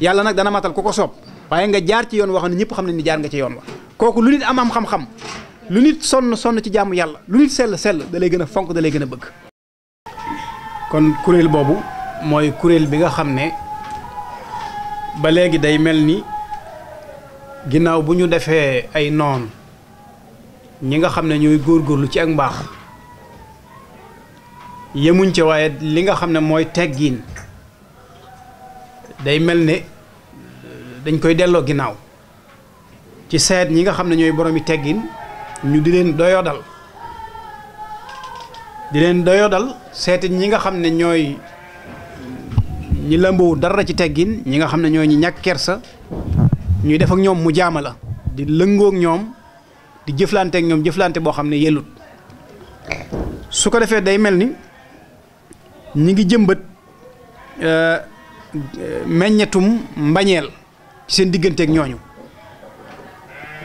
yàlla nag dana matal ku ko soob waaye nga jaar ci yoon woo xam ne ñëpp xam nañ ni jaar nga yoon kooku lu nit am am lu nit sonn ci jàmm yàlla lu nit sell sell da gën a fonk da gën a bëgg kon kuréel boobu mooy kuréel bi nga xam ne ba léegi day mel ni ginnaaw bu ñu defee ay noon ñi nga xam ne góor góorgóorlu ci ak mbaax yemuñ ca waaye li nga xam ne mooy teggiin day mel ni dañ koy delloo ginnaaw ci seet ñi nga xam ne ñooy boroomi teggin ñu di leen doyoo di leen doyoo dal ñi nga xam ne ñooy ñi lëmbowu dara ci teggin ñi nga xam ne ñooy ñi ñàkk kersa ñuy def ak ñoom mu jaama la di lëngook ñoom di jëflante ak ñoom jëflante boo xam ne yellut su ko defee day mel ni ñi ngi jëmbat euh, meññetum mbañeel ci seen digganteeg ñooñu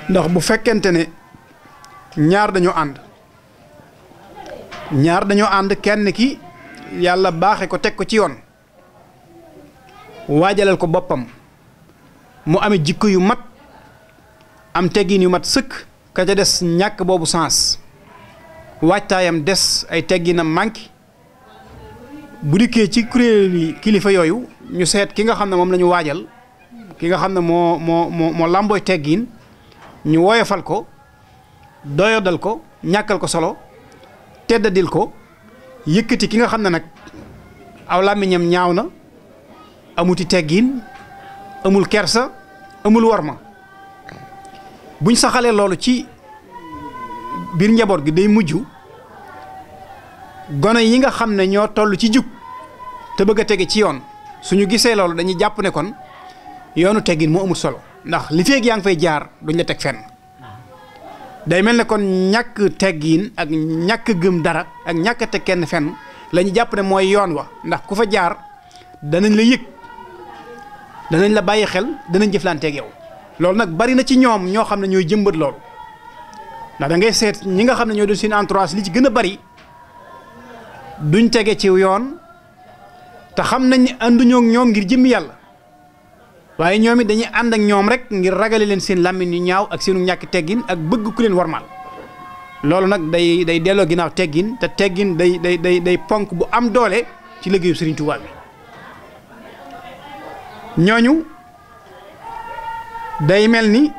ndax bu fekkente ne ñaar dañoo ànd ñaar dañoo ànd kenn ki yàlla baaxe ko teg ko ci yoon waajalal ko boppam mu ame jikko yu mat am teggin yu mat sëkk ka ca des ñàkk boobu sens waajtaayam des ay tegginam manqué bu dikkee ci kuréeli kilifa yooyu ñu seet ki nga xam ne moom lañu waajal ki nga xam ne moo moo moo moo làmbooy teggiin ñu woyofal ko doyodal ko ñàkkal ko solo teddadil ko yëkkati ki nga xam ne nag aw làmmiñam ñaaw na amuti teggiin amul kersa amul warma buñ saxalee loolu ci biir njaboot gi day mujj gone yi nga xam ne ñoo tollu ci jub te bëgg a tege ci yoon su ñu gisee loolu dañuy jàpp ne kon yoonu teggin moo amul solo ndax li feeg yaa ngi fay jaar duñ la teg fenn day mel ne kon ñàkk teggin ak ñàkk gëm dara ak ñàkk kenn fenn la jàpp ne mooy yoon wa ndax ku fa jaar danañ la yëg danañ la bàyyi xel danañ jëflanteeg yow loolu nag bari na ci ñoom ñoo xam ne ñooy jëmbat loolu ndax da ngay seet ñi nga xam ne ñoo doon seen entourage li ci gën a bari duñ tege ci yoon te xam nañ ne ñoom ngir jëmmi yàlla waaye ñoom it dañuy ànd ak ñoom rek ngir ragale leen seen làmmiñ yu ñaaw ak seenu ñàkki teggin ak bëgg ku leen warmaal loolu nag day day delloo ginnaaw teggin te teggin day day day day ponk bu am doole ci liggéeyu Sëriñ Tuubaa bi ñooñu day mel ni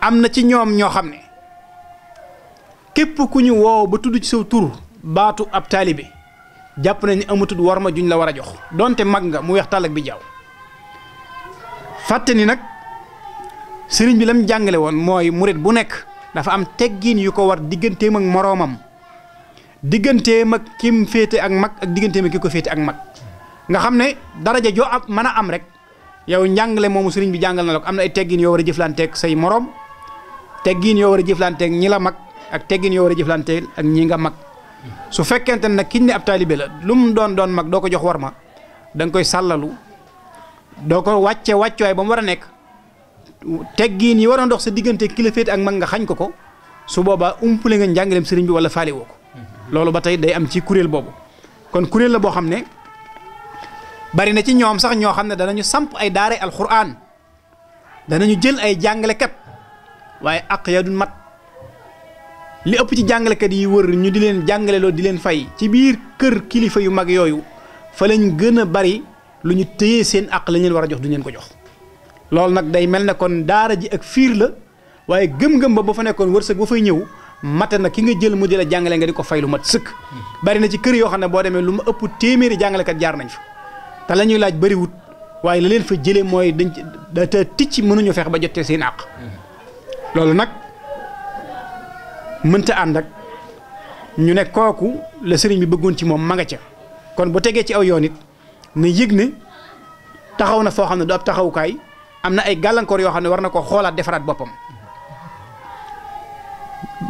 am na ci ñoom ñoo xam ne képp ku ñu woo ba tudd ci saw tur baatu ab taalibe jàpp nañ ne amatul war ma juñ la war a jox donte mag nga mu weex tàllak bi jaaw fàtte ni nag sëriñ bi la mu jàngale woon mooy murit bu nekk dafa am teggiin yu ko war digganteem ak moroomam digganteem ak kim féete ak mag ak digganteem ak ki ko féete ak mag nga xam ne daraja joo am mën a am rek yow njàngale moomu sëriñ bi jàngal na am na ay teggiin yoo war a jëflanteeg say moroom teggiin yow war a jëflanteek ñi la mag ak teggiin yoo war a jëflanteeg ak ñi nga mag. su fekkente nag kiñ ne ab taalibe la lu doon doon mag doo ko jox war ma danga koy sàllalu doo ko wàcce wàccuwaay ba mu war a nekk teggiin yi war a ndox sa diggante kilifeet ak mag nga xañ ko ko su boobaa umpule nga njàngaleem sëriñ bi wala faale woo ko loolu ba tey day am ci kuréel boobu kon kuréel la boo xam ne bari na ci ñoom sax ñoo xam ne danañu samp ay daare alxuraan danañu jël ay jàngalekat waaye aq ya du mat li ëpp ci jàngalekat yi wër ñu di leen jàngaleloo di leen fay ci biir kër kilifa yu mag yooyu fa lañ gën a bari lu ñu téye seen àq lañ leen war a jox duñ leen ko jox. loolu nag day mel ne kon daara ji ak fiir la waaye gëm-gëm ba ba fa nekkoon wërsëg ba fay ñëw mate na ki nga jël mu di la jàngale nga di ko fay lu mat sëkk. bari na ci kër yoo xam ne boo demee lu ma ëpp téeméeri jàngalekat jaar nañ fa te la ñuy laaj bariwut waaye la leen fa jëlee mooy dañ te ticc mënuñu feex ba jotee seen àq loolu nag mënta ànd ak ñu ne kooku la sëriñ bi bëggoon ci moom ma nga ca kon bu tegee ci aw yoon it na yëg ne taxaw na foo xam ne du ab taxawukaay am na ay gàllankoor yoo xam ne war na ko xoolaat defaraat boppam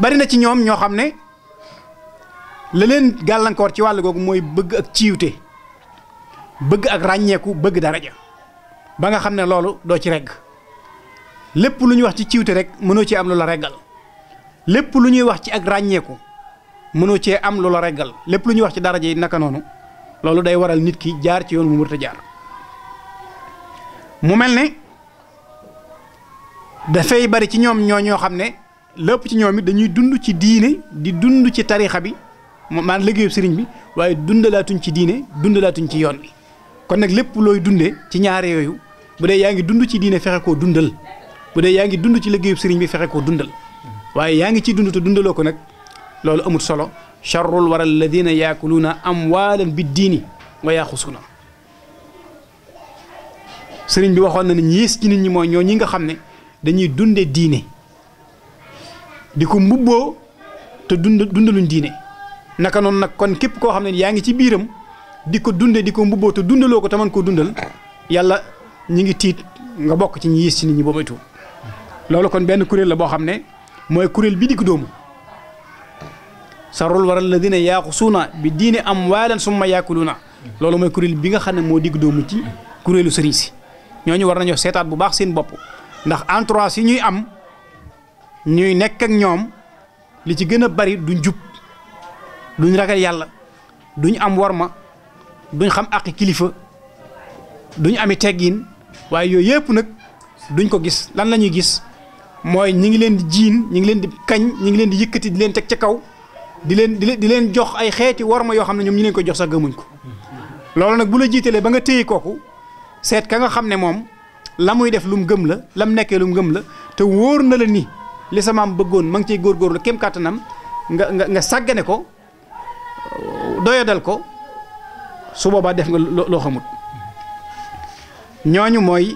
bari na ci ñoom ñoo xam ne la leen gàllankoor ci wàll googu mooy bëgg ak ciiwte bëgg ak ràññeeku bëgg daraja ba nga xam ne loolu doo ci regg lépp lu ñu wax ci ciiwte rek mënoo ci am lu la reggal lépp lu ñuy wax ci ak ràññeeku mënoo cee am loola reggal lépp lu ñuy wax ci daraja yi naka noonu loolu day waral nit ki jaar ci yoon mu mënta jaar mu mel ne dafay bari ci ñoom ñoo ñoo xam ne lépp ci ñoom it dañuy dund ci diine di dund ci tariixa bi maanaam liggéeyu sëriñ bi waaye dundalaatuñ ci diine dundalaatuñ ci yoon bi kon nag lépp looy dundee ci ñaare yooyu bu dee yaa ngi dund ci diine fexe koo dundal bu dee yaa ngi dund ci liggéeyu sëriñ bi fexe koo dundal waaye yaa ngi ciy dund te dundaloo ko nag loolu amut solo charrul war alladina yaakuluuna amwaalan bi diini wa yaxusuuna sëriñ bi waxoon na ne ñiis ci nit ñi mooy ñoo ñi nga xam ne dañuy dunde diine di ko mbubboo te dund dundaluñ diine naka noonu nag kon képp koo xam ne yaa ngi ci biiram di ko dundee di ko mbubboo te dundaloo ko taman mën koo dundal yàlla ñi ngi tiit nga bokk ci ñi yées ci nit ñi boobu itam loolu kon benn kuréel la boo xam ne mooy kuréel bi digg doomu sarul waral ladina yaaqusuuna bi diine am amwaalan summa na loolu mooy kuréel bi nga xam ne moo digg doomu ci kuréelu sëriñ si ñu war nañoo seetaat bu baax seen bopp ndax entourage yi ñuy am ñuy nekk ak ñoom li ci gën a bari duñ jub duñ ragal yàlla duñ am worma duñ xam àqi kilifa duñ ami teggiin waaye yooyu yëpp nag duñ ko gis lan la ñuy gis mooy ñi ngi leen di jiin ñi ngi leen di kañ ñi ngi leen di yëkkati di leen teg ca kaw di leen di leen jox ay xeeti war warma yoo xam ne ñoom ñi leen ko jox sax gëmuñ ko loolu nag bu la jiitalee ba nga téye kooku seet ka nga xam ne moom la muy def lum gëm la lam nekkee lu gëm la te wóor na la ni li samaam maam bëggoon ma ngi ciy góorgóorlu kem kàttanam nga nga nga sàggane ko doyadal ko su boobaa def nga loo xamut ñooñu mooy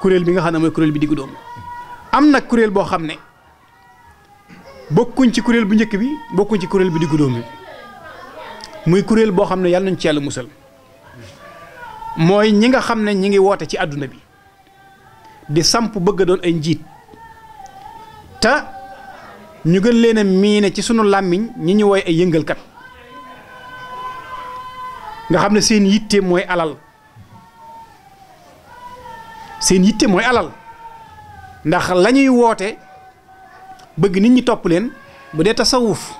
kuréel bi nga xam ne mooy kuréel bi diggu doomu am na kuréel boo xam ne bokkuñ ci kuréel bu njëkk bi bokkuñ ci kuréel bi di doom bi muy kuréel boo xam ne yàlla nañ ci yàlla musal mooy ñi nga xam ne ñi ngi woote ci àdduna bi di samp bëgg doon ay njiit te ñu gën leen a miine ci sunu làmmiñ ñi ñu woy ay yëngalkat nga xam ne seen yitte mooy alal seen yitte mooy alal ndax lañuy woote bëgg nit ñi topp leen bu dee tasawuf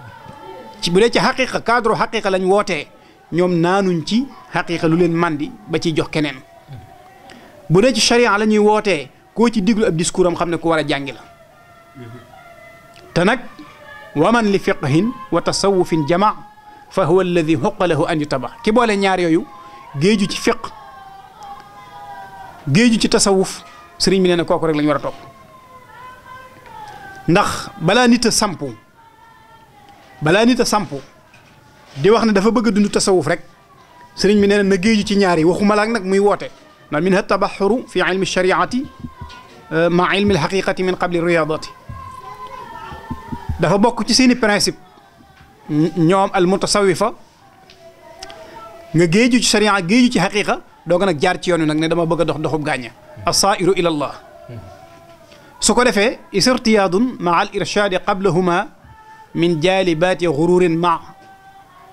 ci bu dee ci xaqiqa cadre xaqiqa lañ wootee ñoom naanuñ ci xaqiqa lu leen màndi ba ciy jox keneen bu dee ci charia la ñuy wootee koo ci diglu ab discours xam ne ku war a jàngi la te nag man li fiqhin wa tasawufin jamaa fa huwa alladi xuqa lahu an yutaba ki boole ñaar yooyu géeju ci fiq géeju ci tasawuf sëriñ bi nee kooku rek la war a topp ndax balaa nit a sampu balaa nit a sampu di wax ne dafa bëgg dundu dund tasawuf rek sëriñ mi nee na na géeju ci ñaari yi waxuma nag muy woote ndax min ha tabaxuru fi ilmi shariati euh, ma ilmi alxaqiqati min dafa bokk ci seeni principe ñoom al mutasawifa nga géeju ci sharia géeju ci xaqiqa doo ko nag jaar ci yoon wi nag ne dama bëgg a dox doxub gàññe asairu ila allah hmm. su ko defee isirtiyaadun maa al irshaadi qablahuma min jaalibaati xururin ma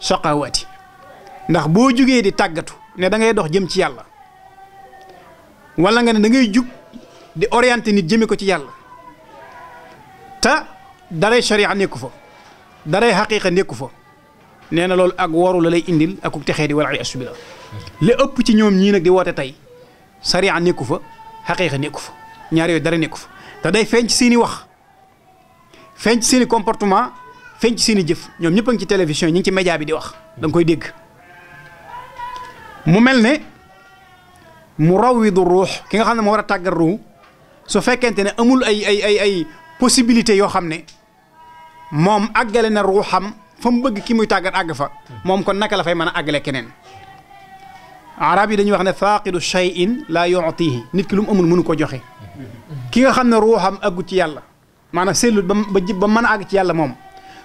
shaqawaati ndax boo jugee di tàggatu ne da ngay dox jëm ci yàlla wala nga ne da ngay jug di orienté nit jëme ko ci yàlla ta daray sharia nekku fa daray xaqiqa nekku fa nee na loolu ak waru la lay indil ak texee di wal ay asubila li ëpp ci ñoom ñii nag di woote tey sharia nekku fa xaqiqa nekku fa ñaar yooyu dara nekku fa te day feeñ ci seen i wax feeñ ci seen i comportement feeñ ci seen i jëf ñoom ñëpp a ngi ci télévision ñu ngi ci média bi di wax da nga koy dégg mu mel ne mu raw rawwidu ruux ki nga xam ne moo war a tàggat ruux su fekkente ne amul ay ay ay ay possibilité yoo xam ne moom àggale na ruuxam fa mu bëgg ki muy tàggat àgg fa moom kon naka la fay mën a àggale keneen arab yi dañuy wax ne faaqidu shay'in la yu'tihi nit ki lu mu amul mënu ko joxe ki nga xam ne ruuxam àggu ci yàlla maanaam sellut ba ba man a àgg ci yàlla moom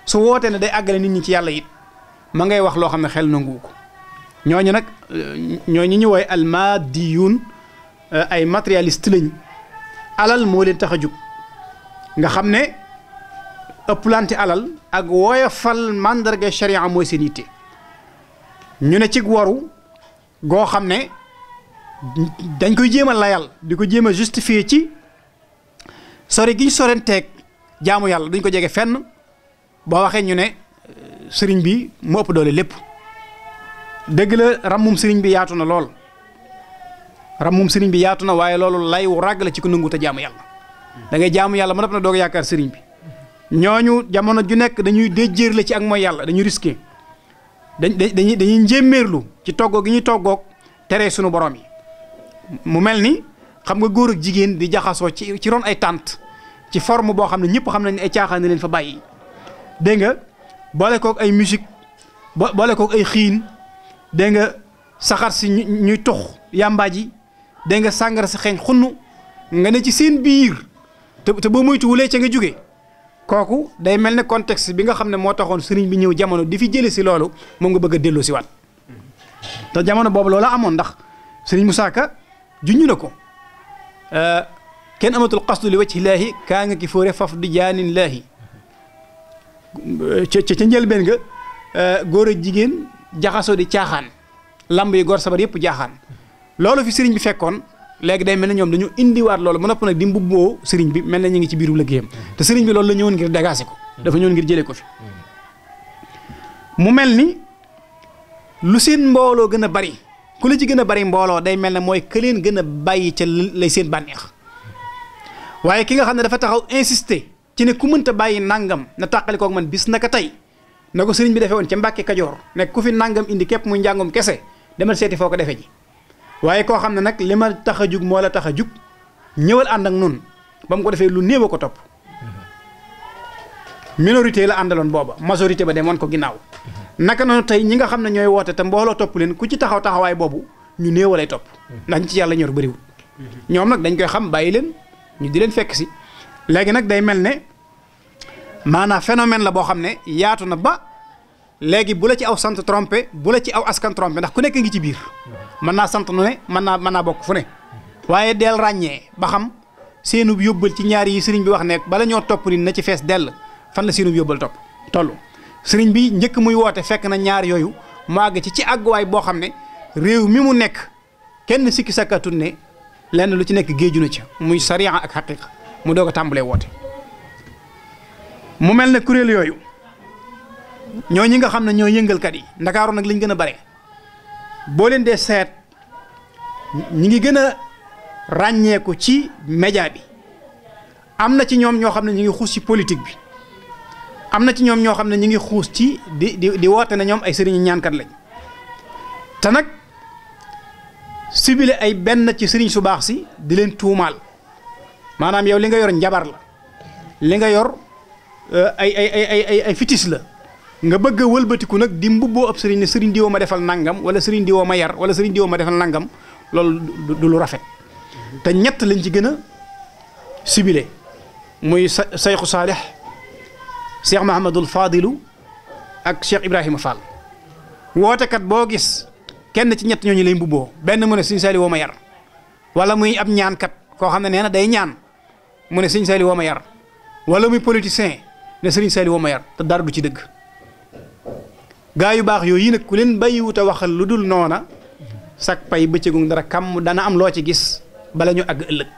su wootee ne day àggale nit ñi ci yàlla it ma ngay wax loo xam ne xel nanguwu ko ñooñu nag ñooñu ñu woy almadiyun eh, ay matérialiste lañu alal moo leen tax a jóg nga xam ne ëpplante alal ak woyofal màndarga sharia mooy seen yitte ñu ne ci waru goo xam ne. dañ koy jéem a layal di ko jéem a justifier ci sori gi ñu sorenteeg jaamu yàlla duñ ko jege fenn boo waxee ñu ne euh, sëriñ bi mu ëpp doole lépp dëgg la ràmmum sëriñ bi yaatu na lool ràmmum sëriñ bi yaatu na waaye loolu lay wu ràgg la ci ko nangu te jaamu yàlla da ngay jaamu yàlla mën na doog yaakaar sëriñ bi ñooñu jamono ju nekk dañuy déjjéer la ci ak mooy yàlla dañuy risqué dañuy dañuy njéeméerlu ci toggoo gi ñuy toggoog tere sunu borom yi mu mel ni xam nga góor ak jigéen di jaxasoo ci ci ron ay tànt ci forme boo xam ne ñëpp xam nañ ne ay caaxaan na leen fa bàyyi dégg nga boole kook ay musique boole kook ay xiin dégg nga saxar si ñuy tux yàmbaa ji dégg nga sàngara si xeeñ xunn nga ne ci seen biir te te boo moytuwulee ci nga jóge kooku day mel ne contexte bi nga xam ne moo taxoon sëriñ bi ñëw jamono di fi jëlee si loolu moom nga bëgg a delloo si waat te jamono boobu loola amoon ndax sëriñ Moussa Ka juñu na ko euh, kenn amatul qasdu li wajhi laahi kaa ngi ki foore faf di jaanin laahi euh, ca ca njëlbeen nga euh, góor ak jigéen jaxasoo di caaxaan lamb yi góor sabar yëpp jaaxaan loolu fi sëriñ bi fekkoon léegi day mel ne ñoom dañu indiwaat loolu ba nopp nag di mbubboo sëriñ bi mel na ñu ngi ci biiru liggéeyam te sëriñ bi loolu la ñëwoon ngir dagaase ko dafa ñëwoon ngir jëlee ko fi mu mel ni lu seen mbooloo gën a bari ku li ci gën a bari mbooloo day mel ne mooy ka leen gën a bàyyi ca lay seen bànneex waaye ki nga xam ne dafa taxaw insisté ci ne ku mënta bàyyi nangam na taqali koog man bis naka tey na ko sëriñ bi defee woon ca Mbàkke Kajoor ne ku fi nangam indi képp muy njàngum kese demal seeti foo ko defee ji waaye koo xam ne nag li ma tax a jug moo la tax a jug ñëwal ànd ak nun ba mu ko defee lu néew ko topp mm-hmm. minorité la àndaloon booba majorité ba demoon ko ginnaaw mm-hmm. naka noonu tey ñi nga xam ne ñooy woote te mbooloo topp leen ku ci taxaw taxawaay boobu ñu néew lay topp ndax ñu ci yàlla ñor bëriwul ñoom nag dañ koy xam bàyyi leen ñu di leen fekk si léegi nag day mel ne maanaam phénomène la boo xam ne yaatu na ba léegi bu la ci aw sant trompé bu la ci aw askan trompé ndax ku nekk ngi ci biir mën naa sant nu ne mën naa mën naa bokk fu ne waaye deel ràññee ba xam seenub yóbbal ci ñaari yi sëriñ bi wax nekk bala ñoo topp ni na ci fees dell fan la seenub yóbbal topp sëriñ bi njëkk muy woote fekk na ñaar yooyu mu àgg ci ci àgguwaay boo xam ne réew mi mu nekk kenn sikki sakkatut ne lenn lu ci nekk géeju na ca muy sariya ak xaqiqa mu doog a tàmbalee woote. mu mel ne kuréel yooyu ñoo ñi nga xam ne ñoo yëngalkat yi ndakaaru nag lañ gën a bare boo leen dee seet ñi ngi gën a ràññeeku ci média bi am na ci ñoom ñoo xam ne ñu ngi xuus ci politique bi. am na ci ñoom ñoo xam ne ñu ngi xuus ci di di di woote ne ñoom ay sëriñu ñaankat lañ te nag sibile ay benn ci sëriñ su baax si di leen tuumaal maanaam yow li nga yor njabar la li nga yor euh, ay ay ay ay ay fitis la nga bëgg a wëlbatiku nag di mbubboo ab sëriñ ne sëriñ diwoo ma defal nangam wala sëriñ diwoo ma yar wala sëriñ diwoo ma defal nangam loolu du lu rafet te ñett lañ ci gën a sibile muy sayxu saalix Cheikh Mahamadul Fadilu ak Cheikh Ibrahima Fall wootekat boo gis kenn ci ñett ñooñu lay mbubboo benn mu ne Sëñ Saaliw woo ma yar wala muy ab ñaankat koo xam ne nee na day ñaan mu ne Sëñ Saaliw woo ma yar wala muy politicien ne Sëriñ Saaliw woo ma yar te dara du ci dëgg gaa yu baax yooyu nag ku leen bàyyiwut a waxal lu dul noona sak pay bëccëgu dara kam dana am loo ci gis bala ñu àgg ëllëg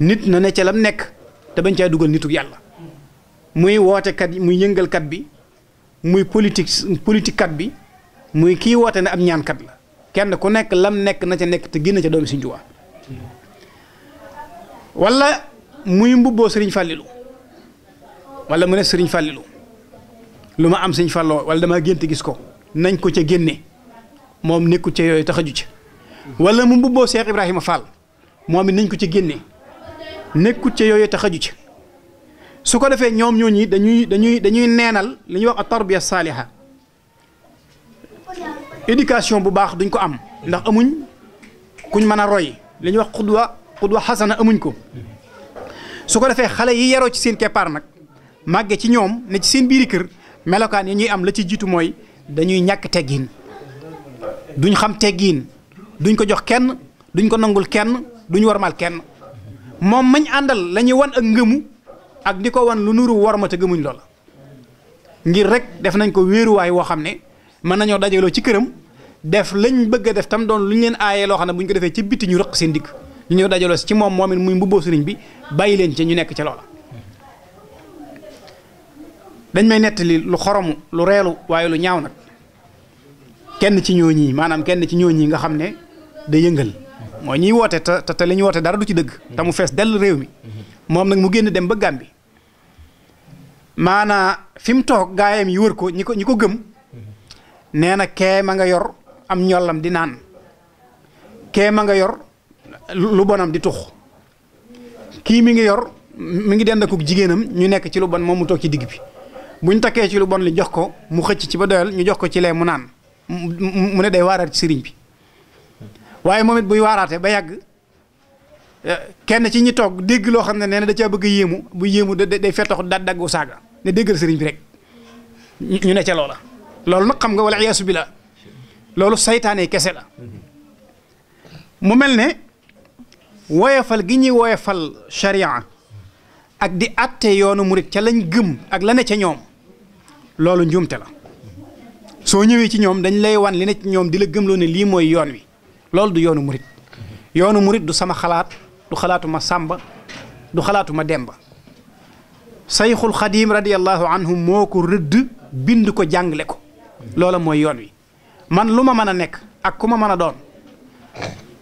nit na ne ca lam nekk te bañ caa dugal nituk yàlla muy wootekat muy yëngalkat bi muy politique politique kat bi muy kii woote ne ab ñaankat la kenn ku nekk lam nekk na ca nekk te génn ca doomi siñ Tuubaa walla muy mbubboo Sëriñ Fàllilu wala mu ne Sëriñ Fàllilu lu ma am Sëriñ Fàlloo wala damaa gént gis ko nañ ko ca génne moom nekku ca yooyu taxaju ca wala mu mbubboo Cheikh Ibrahima Fall moom it nañ ko ca génne nekku ca yooyu taxaju ca su ko defee ñoom ñooñu dañuy dañuy dañuy neenal li ñuy wax a tarbiya saaliha éducation bu baax duñ ko am ndax amuñ kuñ mën a roy li ñuy wax xudwa xudwa xasana amuñ ko su ko defee xale yi yaroo ci seen keppaar nag màgge ci ñoom ne ci seen biir kër melokaan yi ñuy am la ci jiitu mooy dañuy ñàkk teggiin duñ xam teggiin duñ ko jox kenn duñ ko nangul kenn duñ warmal kenn moom mañ àndal lañuy ñuy wan ak ngëmu ak di ko wan lu nuru war te gëmuñ loola ngir rek def nañ ko wéeruwaay woo xam ne mën nañoo dajaloo ci këram def lañ bëgg a def tam doon lu ñu leen aayee loo xam ne bu ñu ko defee ci bitti ñu rëq seen digg ñu ñëw dajaloo ci moom moom it muy mbubboo sëriñ bi bàyyi leen ci ñu nekk ca loola. dañ may nettali lu xoromu lu reelu waaye lu ñaaw nag kenn ci ñooñi maanaam kenn ci ñooñi nga xam ne da yëngal mooy ñiy woote te te li ñu woote dara du ci dëgg. te mu fees dell réew mi moom nag mu génn dem ba bi maanaa fi mu toog gaayam yi wër ko ñi ko ñi ko gëm nee na kee ma nga yor am ñolam di naan kee ma nga yor lu bonam di tux kii mu ngi yor mu ngi dend ak jigéenam ñu nekk ci lu bon moom mu toog ci digg bi buñ takkee ci lu bon li jox ko mu xëcc ci ba doyal ñu jox ko ci lee mu naan mu ne day waaraat ci sëriñ bi waaye moom it buy waaraatee ba yàgg eh, kenn ci ñi toog dégg loo xam ne nee na da caa bëgg yéemu bu yéemu day fetox da daggu saaga ne déggal sëriñ bi rek ñu ne ca loola. loolu nag xam nga wala iyaasu billah loolu seytaane kese la mu mel ne woyofal gi ñuy fal charia ak di àtte yoonu murit ca lañ gëm ak la ne ca ñoom loolu njuumte la soo ñëwee ci ñoom dañ lay wan li ne ñoom di la gëmloo ne lii mooy yoon wi loolu du yoonu murit yoonu murit du sama xalaat du xalaatu ma sàmba du xalaatuma demba sayxul xadiim radiallahu anhu moo ko rëdd bind ko jàngale ko loola mooy yoon wi man lu ma mën a nekk ak ku ma mën a doon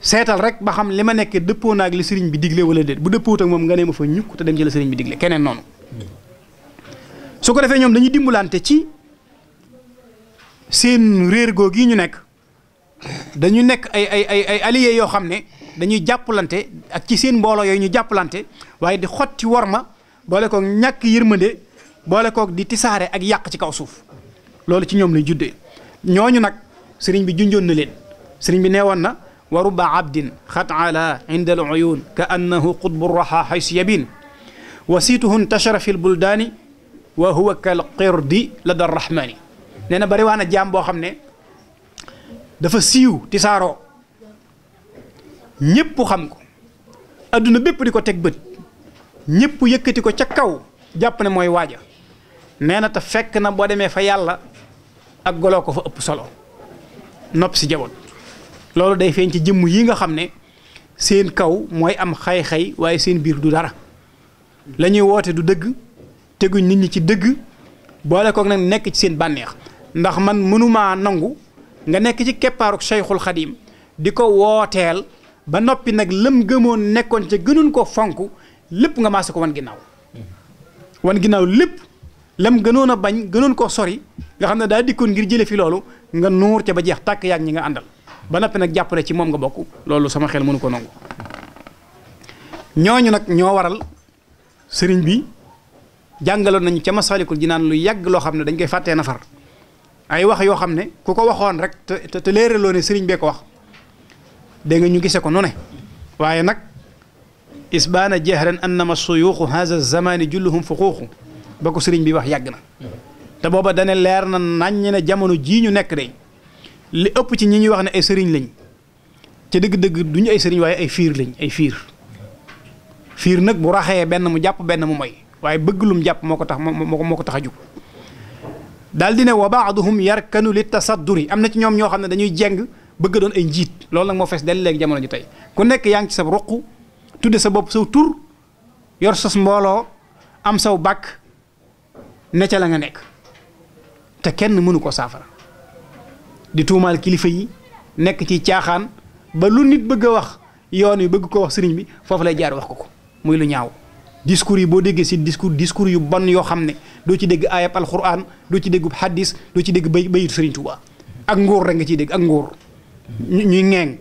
seetal rek ba xam li ma nekkee dëppoo naag li sëriñ bi digle wala déet bu dëppoot ak moom nga ne ma fa ñukk te dem ci la sëriñ bi digle keneen noonu su ko defee ñoom dañuy dimbulante ci seen réer googu ñu nekk dañu nekk ay ay ay ay yoo xam ne dañuy jàppalante ak ci seen mbooloo yooyu ñu jàppalante waaye di xotti ma boole koog ñàkk yërmande boole koog di tisaare ak yàq ci kaw suuf loolu ci ñoom lay juddee ñooñu nag sëriñ bi junjoon na leen sëriñ bi nee woon na wa ruba abdin xat ala inda al uyun ka annahu qutbu raha haysu yabin wasiituhu ntashara fi l buldaani wa huwa kal qirdi lada arrahmani nee na bari jaam boo xam ne dafa siiw tisaaroo ñépp xam ko adduna bépp di ko teg bët ñëpp yëkkati ko ca kaw jàpp ne mooy waaja nee na te fekk na boo demee fa yàlla ak golo ko fa ëpp solo nopp si jaboot loolu day feeñ ci jëmm yi nga xam ne seen kaw mooy am xay-xay waaye seen biir du dara la woote du dëgg teguñ nit ñi ci dëgg boole kook nag nekk ci seen bànneex ndax man mënumaa nangu nga nekk ci keppaaruk Cheikhul Xadim di ko wooteel ba noppi nag lëm gëmoon nekkoon ca gënuñ koo fonk lépp nga maase ko wan ginnaaw wan ginnaaw lépp lam gënoon a bañ gënoon koo sori nga xam ne daa dikkoon ngir jële fi loolu nga nuur ca ba jeex tàkk yaag ñi nga àndal ba noppi nag jàpp ci moom nga bokk loolu sama xel mënu ko nangu ñooñu nag ñoo waral sëriñ bi jàngaloon nañu ca Masaalikul naan lu yàgg loo xam ne dañ koy fàttee nafar ay wax yoo xam ne ku ko waxoon rek te te léeraloo ne sëriñ bee ko wax dégg nga ñu gise ko nu ne waaye nag isbaana jahran annama suyuuxu haza zamani julluhum fuquuxu ba ko sëriñ bi wax yàgg na te booba dane leer na naññ ne jamono jii ñu nekk day li ëpp ci ñi ñuy wax ne ay sëriñ lañ ca dëgg-dëgg du ñu ay sëriñ waaye ay fiir lañ ay fiir fiir nag bu raxee benn mu jàpp benn mu moy waaye bëgg lum jàpp moo ko tax moo ko tax a jug daal di ne wa baaduhum yarkanu li tasadduri am na ci ñoom ñoo xam ne dañuy jeng bëgg doon ay njiit loolu nag moo fees del léegi jamono ji tey ku nekk yaa ngi ci sa ruq tudde sa bopp saw tur yor sos mbooloo am saw bàkk ne la nga nekk te kenn mënu koo saafara di tuumaal kilifa yi nekk ci caaxaan ba lu nit bëgg a wax yoon yu bëgg koo wax sëriñ bi foofu lay jaar wax ko ko muy lu ñaaw discours yi boo déggee si discours discours yu bon yoo xam ne doo ci dégg ayab alquran doo ci dégg hadis doo ci dégg bay bayitu sëriñ Tuubaa ak ngóor rek nga ciy dégg ak ngóor ñuy ŋeeŋ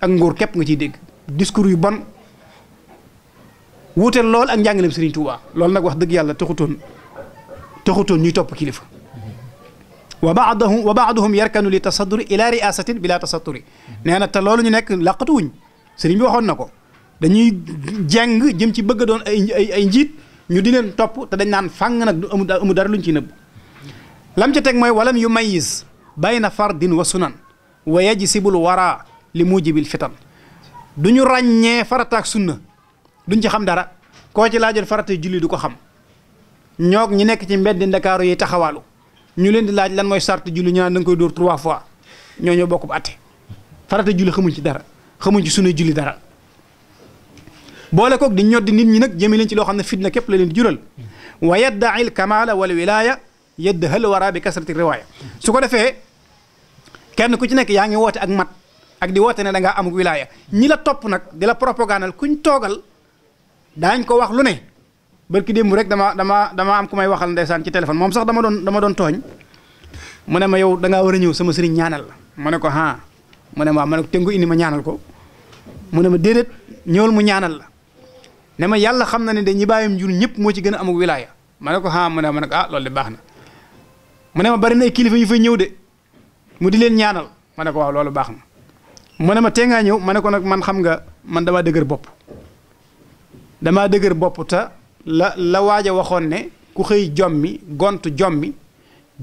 ak ngóor képp nga ciy dégg discours yu bon wuute lool ak njàngaleem Serigne Touba loolu nag wax dëgg yàlla taxutoon taxutoon ñuy topp kilifa wa ba wa baaduhum yarkanu li tasadduri ila riasatin bila tasatturi nee na te loolu ñu nekk làqatuwuñ sëriñ bi waxoon na ko dañuy jàng jëm ci bëgg a doon ay ay njiit ñu di leen topp te dañ naan fàng nag amu dara luñ ci nëbb lam ca teg mooy walam yu mayis bayna fardin wa sunan wa yajsibul wara li mujibil fitan du ñu ràññee farataak sunna duñ ci xam dara koo ci laajoon farata julli du ko xam ñoog ñi nekk ci mbedd ndakaaru yi taxawaalu ñu leen di laaj lan mooy sart julli ñu naan koy dóor trois fois ñoo ñoo bokk bu atte farata julli xamuñ ci dara xamuñ ci suñuy julli dara boole koog di ñoddi nit ñi nag jëme leen ci loo xam ne fitna képp la leen jural wa yaddail kamala wal wilaya yedd hal wara bi kasrati riwaya su ko defee kenn ku ci nekk yaa ngi woote ak mat ak di woote ne da ngaa ñi la topp nag di la propagandal kuñ toogal daañ ko wax lu ne barki démb rek dama dama dama am ku may waxal ndeysaan ci téléphone moom sax dama doon dama doon tooñ mu ne ma yow da ngaa war a ñëw sama sëriñ ñaanal la ma ne ko ah mu ne ma ma ne ko te indi ma ñaanal ko mu ne ma déedéet ñëwal mu ñaanal la ne ma yàlla xam na ne de bàyyam jur ñëpp moo ci gën a amug wilaaya ma ne ko ah mu ne ma ne ah, ko loolu de baax na mu ne ma bari na kilifa yu fay ñëw de mu di leen ñaanal ma ne ko baax na mu ne ma tee ngaa ñëw ma ne ko nag man xam nga man damaa dëgër bopp damaa dëgër bopp te la la waaj a waxoon ne ku xëy jommi gont jommi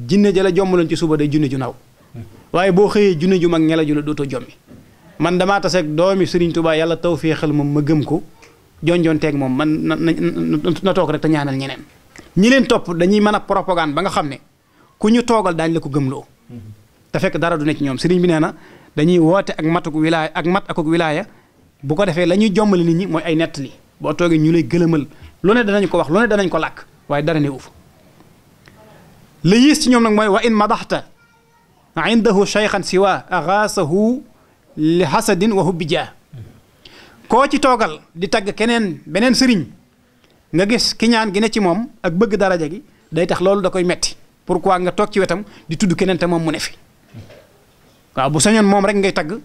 jinne ja la jommaloon ci suba day junne ju naw waaye boo xëyee junne ju mag ñela ju la dootoo jommi man damaa taseeg doomi sëriñ Touba yàlla taw fee xel moom ma gëm ko jonjoon teeg moom man na na toog rek te ñaanal ñeneen ñi leen topp dañuy mën a propagande ba nga xam ne ku ñu toogal daañu la ko gëm loo te fekk dara du ne ci ñoom Serigne bi nee na dañuy woote ak matuk wilaaya ak mat akuk wilaaya bu ko defee la ñuy jommali nit ñi mooy ay nettali boo toogee ñu lay gëlëmal lu ne danañ ko wax lu ne danañ ko làkk waaye dara ne uuf la yées ci ñoom nag mooy wa in madaxta indahu cheykhan siwa axaasahu li hasadin wa hubbi jaa koo ci toogal di tagg keneen beneen sëriñ nga gis ki ñaan gi ne ci moom ak bëgg daraja gi day tax loolu da koy metti pour pourquoi nga toog ci wetam di tudd keneen te moom mu ne fi waaw bu sañoon moom rek ngay tagg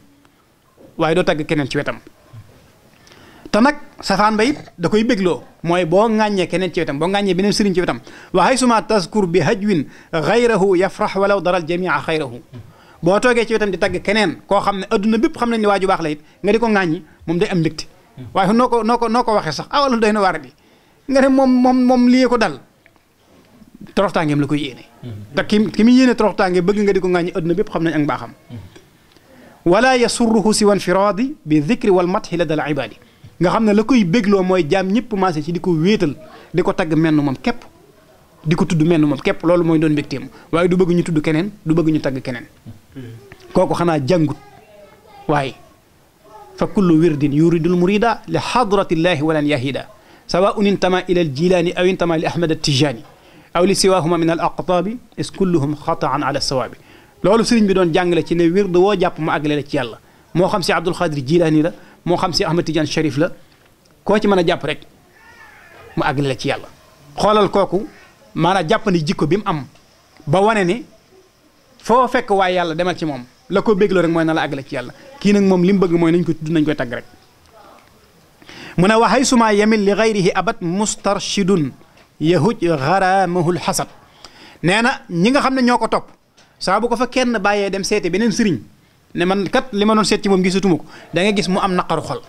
waaye doo tagg keneen ci wetam te nag safaan ba it da koy bégloo mooy boo ŋàññee keneen ci wetam boo ŋàññee beneen sëriñ ci wetam wa haysuma taskur bi hajwin xayrahu yafrax walaw daral jamia xayrahu boo toogee ci wetam di tagg keneen koo xam ne adduna bépp xam nañ ne waa ju baax la nga di ko ŋàññi moom day am mbégte waaye noo ko noo ko noo ko waxee sax awala ah, doy na waar bi nga ne moom moom moom lii ko dal toroxtaangeem la koy yéene te ki ki mu yéene toroxtaange bëgg nga di ko ŋàññi adduna bépp xam nañ ak mbaaxam wala yasurruhu siwan firadi bi dicri wal mathi la dal ibadi nga xam ne la koy bégloo mooy jaam ñëpp maase ci di ko wéetal di ko tagg menn moom képp di ko tudd menn moom képp loolu mooy doon mbégteem waaye du bëgg ñu tudd keneen du bëgg ñu tagg keneen kooku xanaa jàngut waaye fa kullu wirdin yuridul murida li xadratillahi walan yahida sawaun intama ila al jilaani aw intama li ahmad tijaani aw li siwahuma min al aqtaabi is kulluhum xataan ala sawaabi loolu sëriñ bi doon jàngale ci ne wird woo jàpp mu àggale la ci yàlla moo xam si abdul xaadir jilaani la moo xam si Ahmad Tidiane Cherif la koo ci mën a jàpp rek mu àggale la ci yàlla xoolal kooku a jàpp ni jikko bi mu am ba wane ni foo fekk waay yàlla demal ci moom la ko bégloo rek mooy na la àggale ci yàlla kii nag moom li mu bëgg mooy nañ ko tudd nañ koy tagg rek mu ne waxay suma yemin li gayrihi abat mustarshidun yahuj xaraamahul xasad nee na ñi nga xam ne ñoo ko topp saa bu ko fa kenn bàyyee dem seete beneen sëriñ ne man kat li ma doon seet ci moom gisatuma ko da gis mu am naqaru xol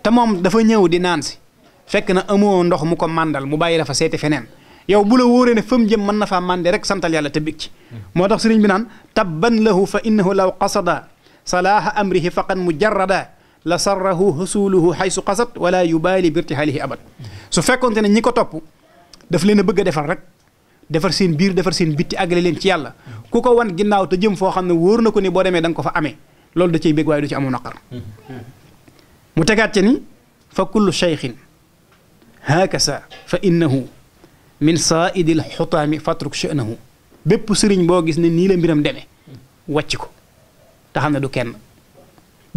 te moom dafa ñëw di naan si fekk na amoo ndox mu ko màndal mu bàyyi la fa seeti feneen yow bu la wóoree ne fa mu jëm mën na faa mande rek santal yàlla te bég ci moo tax sëriñ bi naan tabban lahu fa innahu law qasada salaaha amrihi faqad mujarrada la sarrahu husuluhu haysu qasad wala yubaali birtihaalihi abad su fekkonte ne ñi ko topp daf leen a bëgg a defal rek defar seen biir defar seen bitti àggale leen ci yàlla ku ko wan ginnaaw te jëm foo xam ne wóor na ko ni boo demee da nga ko fa amee loolu da cay bég waaye du ci amu naqar mu tegaat ca ni fa kullu cheikhin hakasa fa innahu min saaidil xutaami fatruk shanahu bépp sëriñ boo gis ne nii la mbiram demee wàcc ko te xam ne du kenn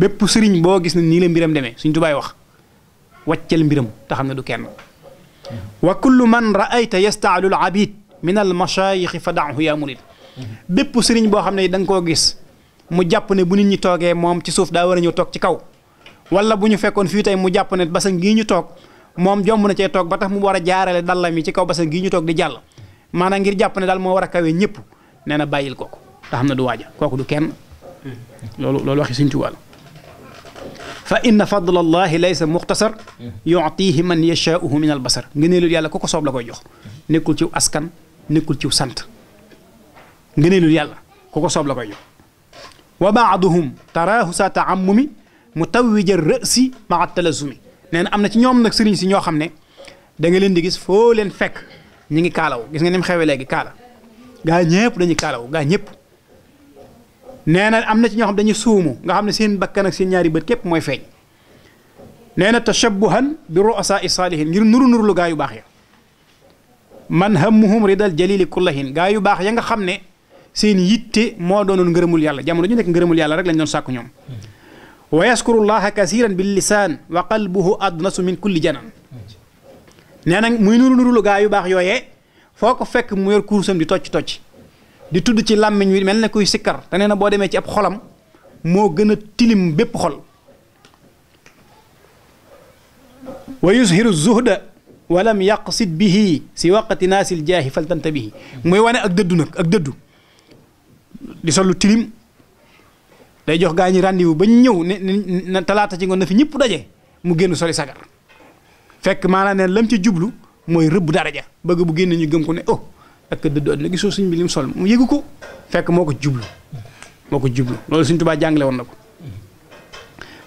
bépp sëriñ boo gis ne nii la mbiram demee suñ tubaay wax waccel mbiram te ne du kenn wa kullu man raayta yastaalul abid minal mashayixi fa daahu yaa murid bépp sëriñ boo xam ne da nga koo gis mu jàpp ne bu nit ñi toogee moom ci suuf daa war a ñëw toog ci kaw wala bu ñu fekkoon fii tey mu jàpp ne basan gii ñu toog moom jomb na cee toog ba tax mu war a jaarale dallam yi ci kaw basan gii ñu toog di jàll maanaam ngir jàpp ne daal moo war a kawee ñëpp nee na bàyyil kooku te xam ne du waaja kooku du kenn loolu loolu waxi suñ tubaab fa inna fadla allahi laysa muxtasar yutihi man yashauhu min al basar ngëneelul yàlla ku ko soob la koy jox nekkul ci askan nekkul ci sant ngëneelul yàlla ku ko soob la koy jox wa baaduhum taraahu sa taamumi mutawija rësi maa talasumi nee na am na ci ñoom nag sëriñ si ñoo xam ne da nga leen di gis foo leen fekk ñu ngi kaalaw gis nga ni mu léegi kaala gaa ñëpp dañuy kaalaw gaa ñëpp nee na am na ci ñoo xam dañuy suumu nga xam ne seen bakkanak ak seen ñaari bët képp mooy feeñ nee na tashabuhan bi roasa i saalihin ngir nuru nuru lu gaa yu baax ya man hammuhum ridal jalili kullahin gaa yu baax ya nga xam ne seen yitte moo doonoon ngërëmul yàlla jamono ñu nekk ngërëmul yàlla rek lañ doon sàkku ñoom wa yaskurullaha kasiran bil lisaan wa qalbuhu adnasu min kulli janan nee na muy nuru nurulu gaa yu baax yooyee foo ko fekk mu yor kursam di tocc tocc di tudd ci làmmiñ wi mel na kuy sikkar te nee na boo demee ci ab xolam moo gën a tilim bépp xol wa yuzhiru zuhda mi walam yaqsid bihi si waqati naasil jaahi faltanta bihi mooy wane ak dëddu nag ak dëddu di solu tilim day jox gaa ñi rendez-vous ba ñëw na talaata ci ngoon na fi ñëpp daje mu génn soli sagar fekk maanaam neen lam ci jublu mooy rëbb daraja bëgg bu génn ñu gëm ko ne oh ak dëddu àdduna gisoo suñ bi lim sol mu yëgu ko fekk moo ko jublu moo ko jublu loolu suñ tubaa jàngale woon na ko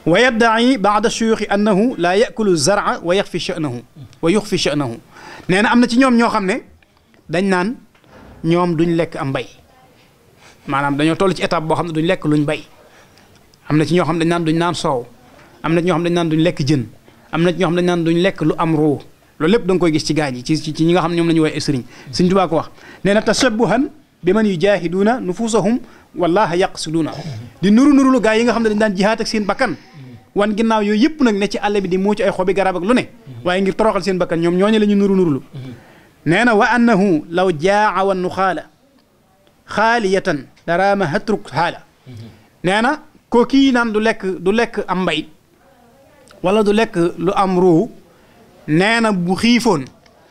wa yaddaci baada shuyuxi annahu laa yakulu zara wa yaxfi sha'nahu wa yuxfi sha'nahu nee na am na ci ñoom ñoo xam ne dañ naan ñoom duñ lekk am mbay maanaam dañoo toll ci étape boo xam ne duñ lekk luñ bay am na ci ñoo xam dañ naan duñ naan soow am na ci ñoo xam dañ naan duñ lekk jën am na ci ñoo xam dañ naan duñ lekk lu am ruu loolu lépp da nga koy gis ci gaa yi ci ñi nga xam ne ñoom la ñu woowee sëriñ Sëriñ Tuubaa ko wax nee na tashabbuhan bi man yujaahiduuna nufuusahum wallaaha yaqsiduuna di nuru nuru yi nga xam ne dañ daan jihaat seen bakkan wan ginnaaw yooyu yëpp nag ne ci àll bi di muuc ay xobi garab lu ne waaye ngir toroxal seen bakkan ñoom ñooñu la ñu nuru nurulu nee na wa annahu law jaa wa nuxaala xaaliyatan daraama hatruk haala nee na ko kii naan du lekk du lekk am mbay wala du lekk lu am ruu nee na bu xiifoon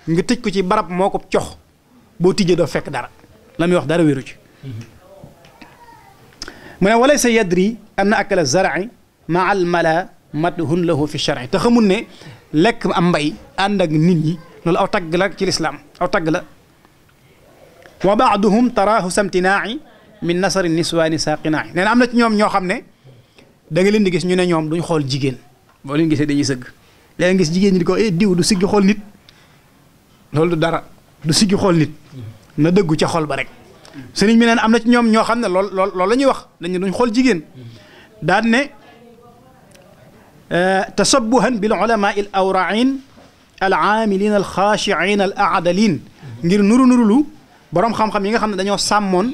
nga tëj ko ci barab moo ko cox boo tijjee doo fekk dara la muy wax dara wéru ci mu ne walay sa yadri anna akala zar'i ma al mala la lahu fi shar'i te xamul ne lekk am mbay ànd ak nit ñi lool aw tagg la ci lislaam aw tagg la wa baaduhum taraaxu samtinaa'i min nasari niswaani saaqinaa'i nee na am na ci ñoom ñoo xam ne da leen di gis ñu ne ñoom duñ xool jigéen boo leen gisee dañuy sëgg léeg gis jigéen ñi di ko eh diw du siggi xool nit loolu du dara du siggi xool nit na dëggu ca xool ba rek sëriñ mi neen am na ci ñoom ñoo xam ne lool lool la ñuy wax dañu duñ xool jigéen daan tasabbuhan bil ulama il awrain al aamilin al xaashiin al aadalin ngir nuru nurulu borom xam-xam yi nga xam ne dañoo sàmmoon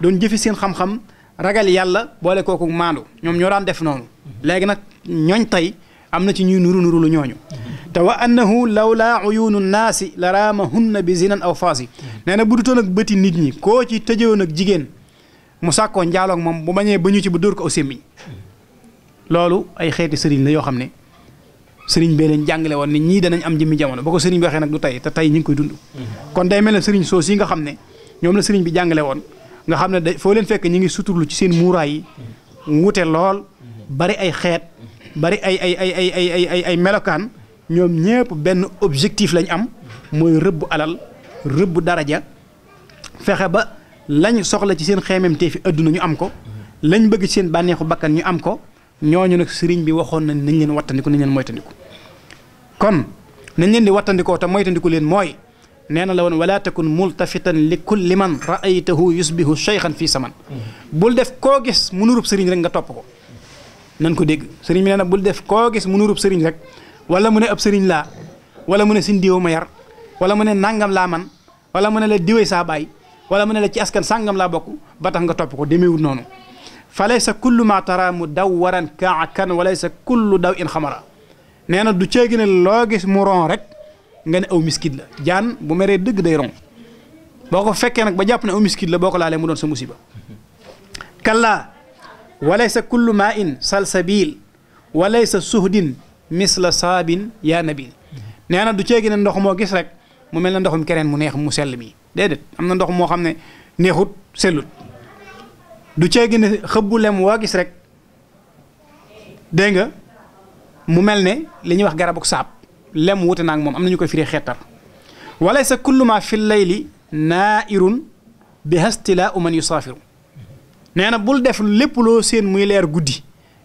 doon jëfi seen xam-xam ragal yàlla boole kooku maandu ñoom ñoo daan def noonu léegi nag ñooñ tey am na ci ñuy nuru nuru lu ñooñu te wa annahu lawlaa uyuunu naasi la raamahunna bi zinan aw faasi nee na bu dutoon ak bëti nit ñi koo ci tëjewoon ak jigéen mu sàkkoo njaaloog moom bu mañee ba ñu ci bu dóor ko aw sémmiñ loolu ay xeeti sëriñ la yoo xam ne sëriñ bee leen jàngale woon ne ñii danañ am jëmmi jamono boo ko sëriñ bi waxee nag du tey te tey ñu ngi koy dund mm-hmm. kon day mel ne sëriñ soo yi nga xam ne ñoom la sëriñ bi jàngale woon nga xam ne day foo leen fekk ñu ngi suturlu ci seen muuraay yi mm-hmm. wute lool mm-hmm. bari ay xeet bari ay ay ay ay ay ay ay ay melokaan ñoom ñëpp benn objectif lañ am mooy rëbb alal rëbb daraja fexe ba lañ soxla ci seen xeememtee fi adduna ñu am ko lañ bëgg seen bànneexu bakkan ñu am ko ñooñu nag sëriñ bi waxoon nañ nañ leen wattandiku nañ leen moytandiku kon nañ leen di wattandikoo te moytandiku leen mooy nee na la woon wala takun multafitan li kulli man raaytahu yusbihu cheykhan fii saman def koo gis mu sëriñ rek nga topp ko nan ko dégg sëriñ bi nee bul def koo gis mu nurub rek wala mu ne ab laa wala mu ne sin diwo ma wala mu ne nangam laa man wala mu ne la diwee saa baay wala mu ne la ci askan sàngam laa bokk ba tax nga topp ko demeewul noonu fa laysa kullu ma mu daw waran kaa kan wa laysa kullu daw in xamara nee na du ceegi ne loo gis mu ron rek nga ne aw miskit la jaan bu meree dëgg day ron boo ko fekkee nag ba jàpp ne aw miskit la boo ko laalee mu doon sa musiba kallaa wa laysa kullu ma in salsabil wa laysa suhdin misla saabin yaa nabil nee na du ceegi ne ndox moo gis rek mu mel na ndoxum keneen mu neex mu sell mi déedéet am na ndox moo xam ne neexut sellut du ceegi ne xëbbu lem waa gis rek dégg nga mu mel ne li ñuy wax garabu saab lem wute naa moom am nañu koy firee xeetar wala sa kulluma fi layli naairun bi hastilaa u man yusaafiru nee na bul def lépp loo seen muy leer guddi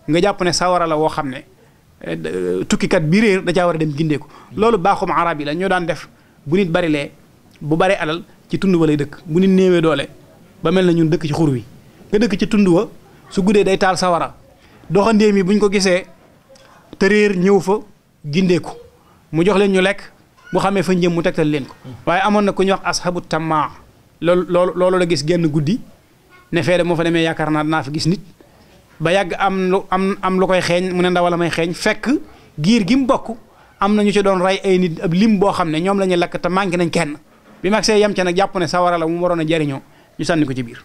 nga jàpp ne sawara la woo xam ne eh, tukkikat bi réer da caa war a dem gindeeku loolu baaxum arab yi la ñoo daan def bu nit bari lee bu bari alal ci tund walay dëkk bu nit néewee doole ba mel na ñun dëkk ci xur wi ka dëkk ci tund wa su guddee day taal sawara doxandéem yi bu ñu ko gisee te ñëw fa gindeeku mu jox leen ñu lekk bu xamee fa njëm mu tegtal leen ko waaye amoon na ku ñuy wax ashabu tamma loolu loolu loolu la gis genn guddi ne fee moo fa demee yaakaar naa dinaa fa gis nit ba yàgg am lu am am lu koy xeeñ mu ne ndaw la may xeeñ fekk giir gi mu bokk am na ñu ci doon rey ay nit ab lim boo xam ne ñoom la ñuy lakk te manqué nañ kenn bi mag see yem ca nag jàpp ne sawara la mu waroon a jariñoo ñu sànni ko ci biir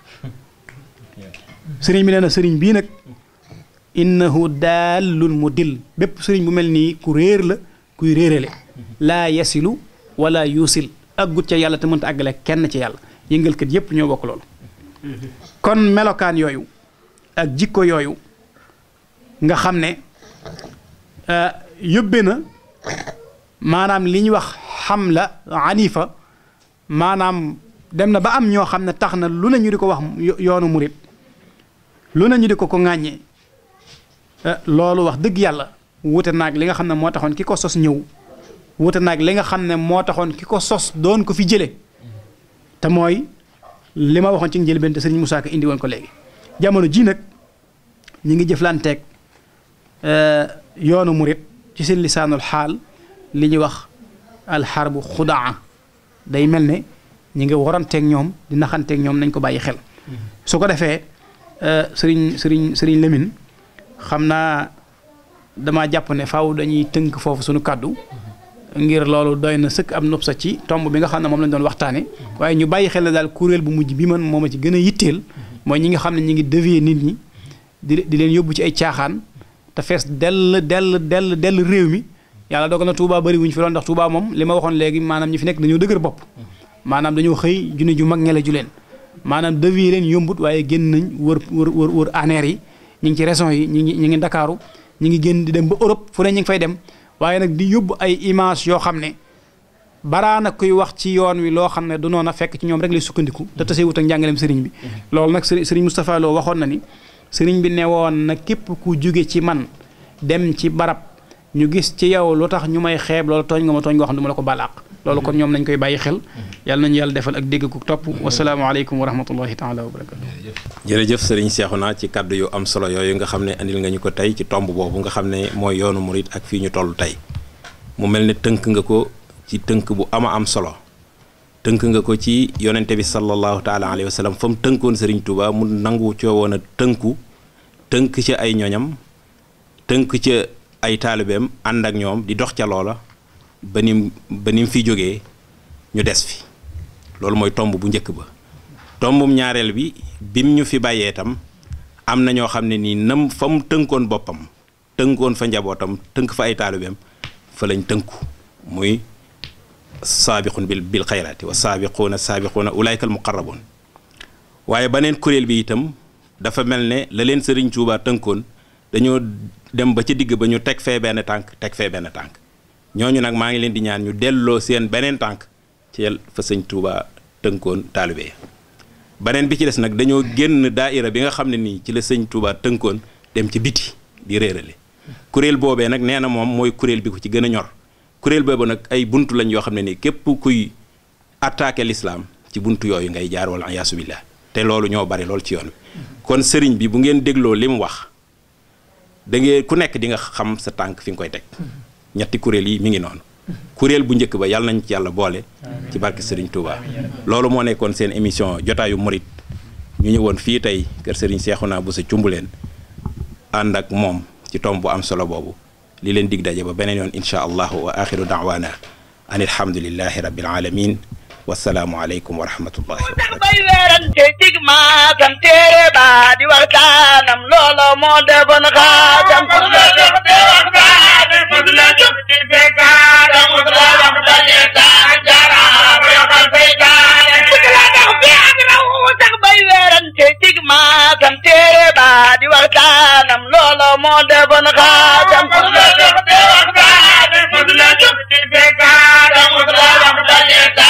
sëriñ bi nee na sëriñ bii nag innahu daallun mudil bépp sëriñ bu mel nii ku réer la kuy réerale laa yasilu walla yuusil aggut ca yàlla te mënta àggale kenn ci yàlla yëngalkat yépp ñoo bokk loolu kon melokaan yooyu ak jikko yooyu nga xam ne euh, yóbbe na maanaam li ñuy wax xam la anifa maanaam dem na ba am ñoo xam ne tax na lu ne ñu di ko wax yoonu murit lu nañu di ko ko ŋàññee eh, loolu wax dëgg yàlla wute naag li nga xam ne moo taxoon ki ko sos ñëw wute naag li nga xam ne moo taxoon ki ko sos doon ko fi jële te mooy li ma waxoon ci njëlbéen te Serigne Moussa Ka indi ko léegi jamono jii nag ñi ngi jëflanteeg eh, yoonu murit ci seen lisaanul xaal li ñuy wax alxarbu xudaa day mel ne ñi ngi waranteeg ñoom dina naxanteeg ñoom nañ ko bàyyi xel mm-hmm. su ko defee sëriñ sëriñ sëriñ Lamine xam naa damaa jàpp ne faaw dañuy tënk foofu suñu kàddu ngir loolu doy na sëkk am nopp sa ci tomb bi nga xam ne moom lañ doon waxtaane waaye ñu bàyyi xel ne daal kuréel bu mujj bi man moom ci gën a yitteel mooy ñi nga xam ne ñi ngi dévier nit ñi di di leen yóbbu ci ay caaxaan te fees dell dell dell dell réew mi yàlla dogal na Touba bëri wuñ fi doon ndax Touba moom li ma waxoon léegi maanaam ñi fi nekk dañoo dëgër bopp maanaam dañoo xëy junne ju mag ñele ju leen maanaam devis yi leen yombut waaye génn nañ wër wër wër aneer yi ñu ngi ci régions yi ñu ngi ñu ngi Ndakaaru ñu ngi génn di dem ba Europe fu ne ñu ngi fay dem waaye nag di yóbbu ay image yoo xam ne baraana kuy wax ci yoon wi loo xam ne du noon a fekk ci ñoom rek lay sukkandiku te tasee wut ak njàngaleem sëriñ bi mm-hmm. loolu nag sëriñ Moustapha Lo waxoon na ni sëriñ bi ne woon na képp ku jóge ci man dem ci barab ñu gis ci yow lu tax ñu may xeeb loolu tooñ nga ma ne du la ko balaaq loolu kon ñoom nañ koy bàyyi xel yàlla nañu yàlla defal ak dégg ku topp wasalaamaaleykum wa rahmatullahi taala wa barakatu jërëjëf sëriñ Seexuna ci kàddu yu am solo yooyu nga xam ne andil nga ñu ko tey ci tomb boobu nga xam ne mooy yoonu murit ak fii ñu tollu tey mu mel ne tënk nga ko ci tënk bu ama am solo tënk nga ko ci yonente bi sallallahu taala alayhi wa sallam fa mu tënkoon sëriñ Touba mu nangu coowoon a tënku tënk ca ay ñoñam tënk ca ay ànd ak ñoom di dox ca loola ba nim fi jógee ñu des fi loolu mooy tomb bu njëkk ba tombum ñaareel bi bim ñu fi bàyyee tam am na ñoo xam ne nii nam fa mu tënkoon boppam tënkoon fa njabootam tënk fa ay taalibeem fa lañ tënku muy saabiqun bil bil xayraati wa saabiquuna saabiquuna ulaayka al muqarrabuun waaye beneen kuréel bi itam dafa mel ne la leen Sëriñ Tuubaa tënkoon dañoo dem ba ci digg ba ñu teg fee benn tànk teg fee benn tànk ñooñu nag maa ngi leen di ñaan ñu delloo seen beneen tànk ci fa sëñ Touba tënkoon taalibe beneen bi ci des nag dañoo génn daaira bi nga xam ne nii ci la sëñ Touba tënkoon dem ci biti di réerale kuréel boobee nag nee na moom mooy kuréel bi ko ci gën a ñor kuréel boobu nag ay bunt lañ yoo xam ne nii képp kuy attaqué lislaam ci bunt yooyu ngay jaar wala yaasu te loolu ñoo bari loolu ci yoon bi kon sëriñ bi bu ngeen dégloo li mu wax da ku nekk di nga xam sa tànk fi nga koy teg ñetti kuréel yi mi ngi noonu kuréel bu njëkk ba yàlla nañ ci yàlla boole ci barke Serigne Touba loolu moo nekkoon seen émission jotaayu murit ñu ñëwoon fii tey kër bu sa Bousso leen ànd ak moom ci toom bu am solo boobu li leen dig daje ba beneen yoon incha allahu wa axiru daawaana an alhamdulillahi rabbil alamin wasalaamualeykum wa rahmatullahi wa barakatuh bay weerante dig maasam téere ba di waxtaanam loolo moo defoon xaasam moo defoon xaasam la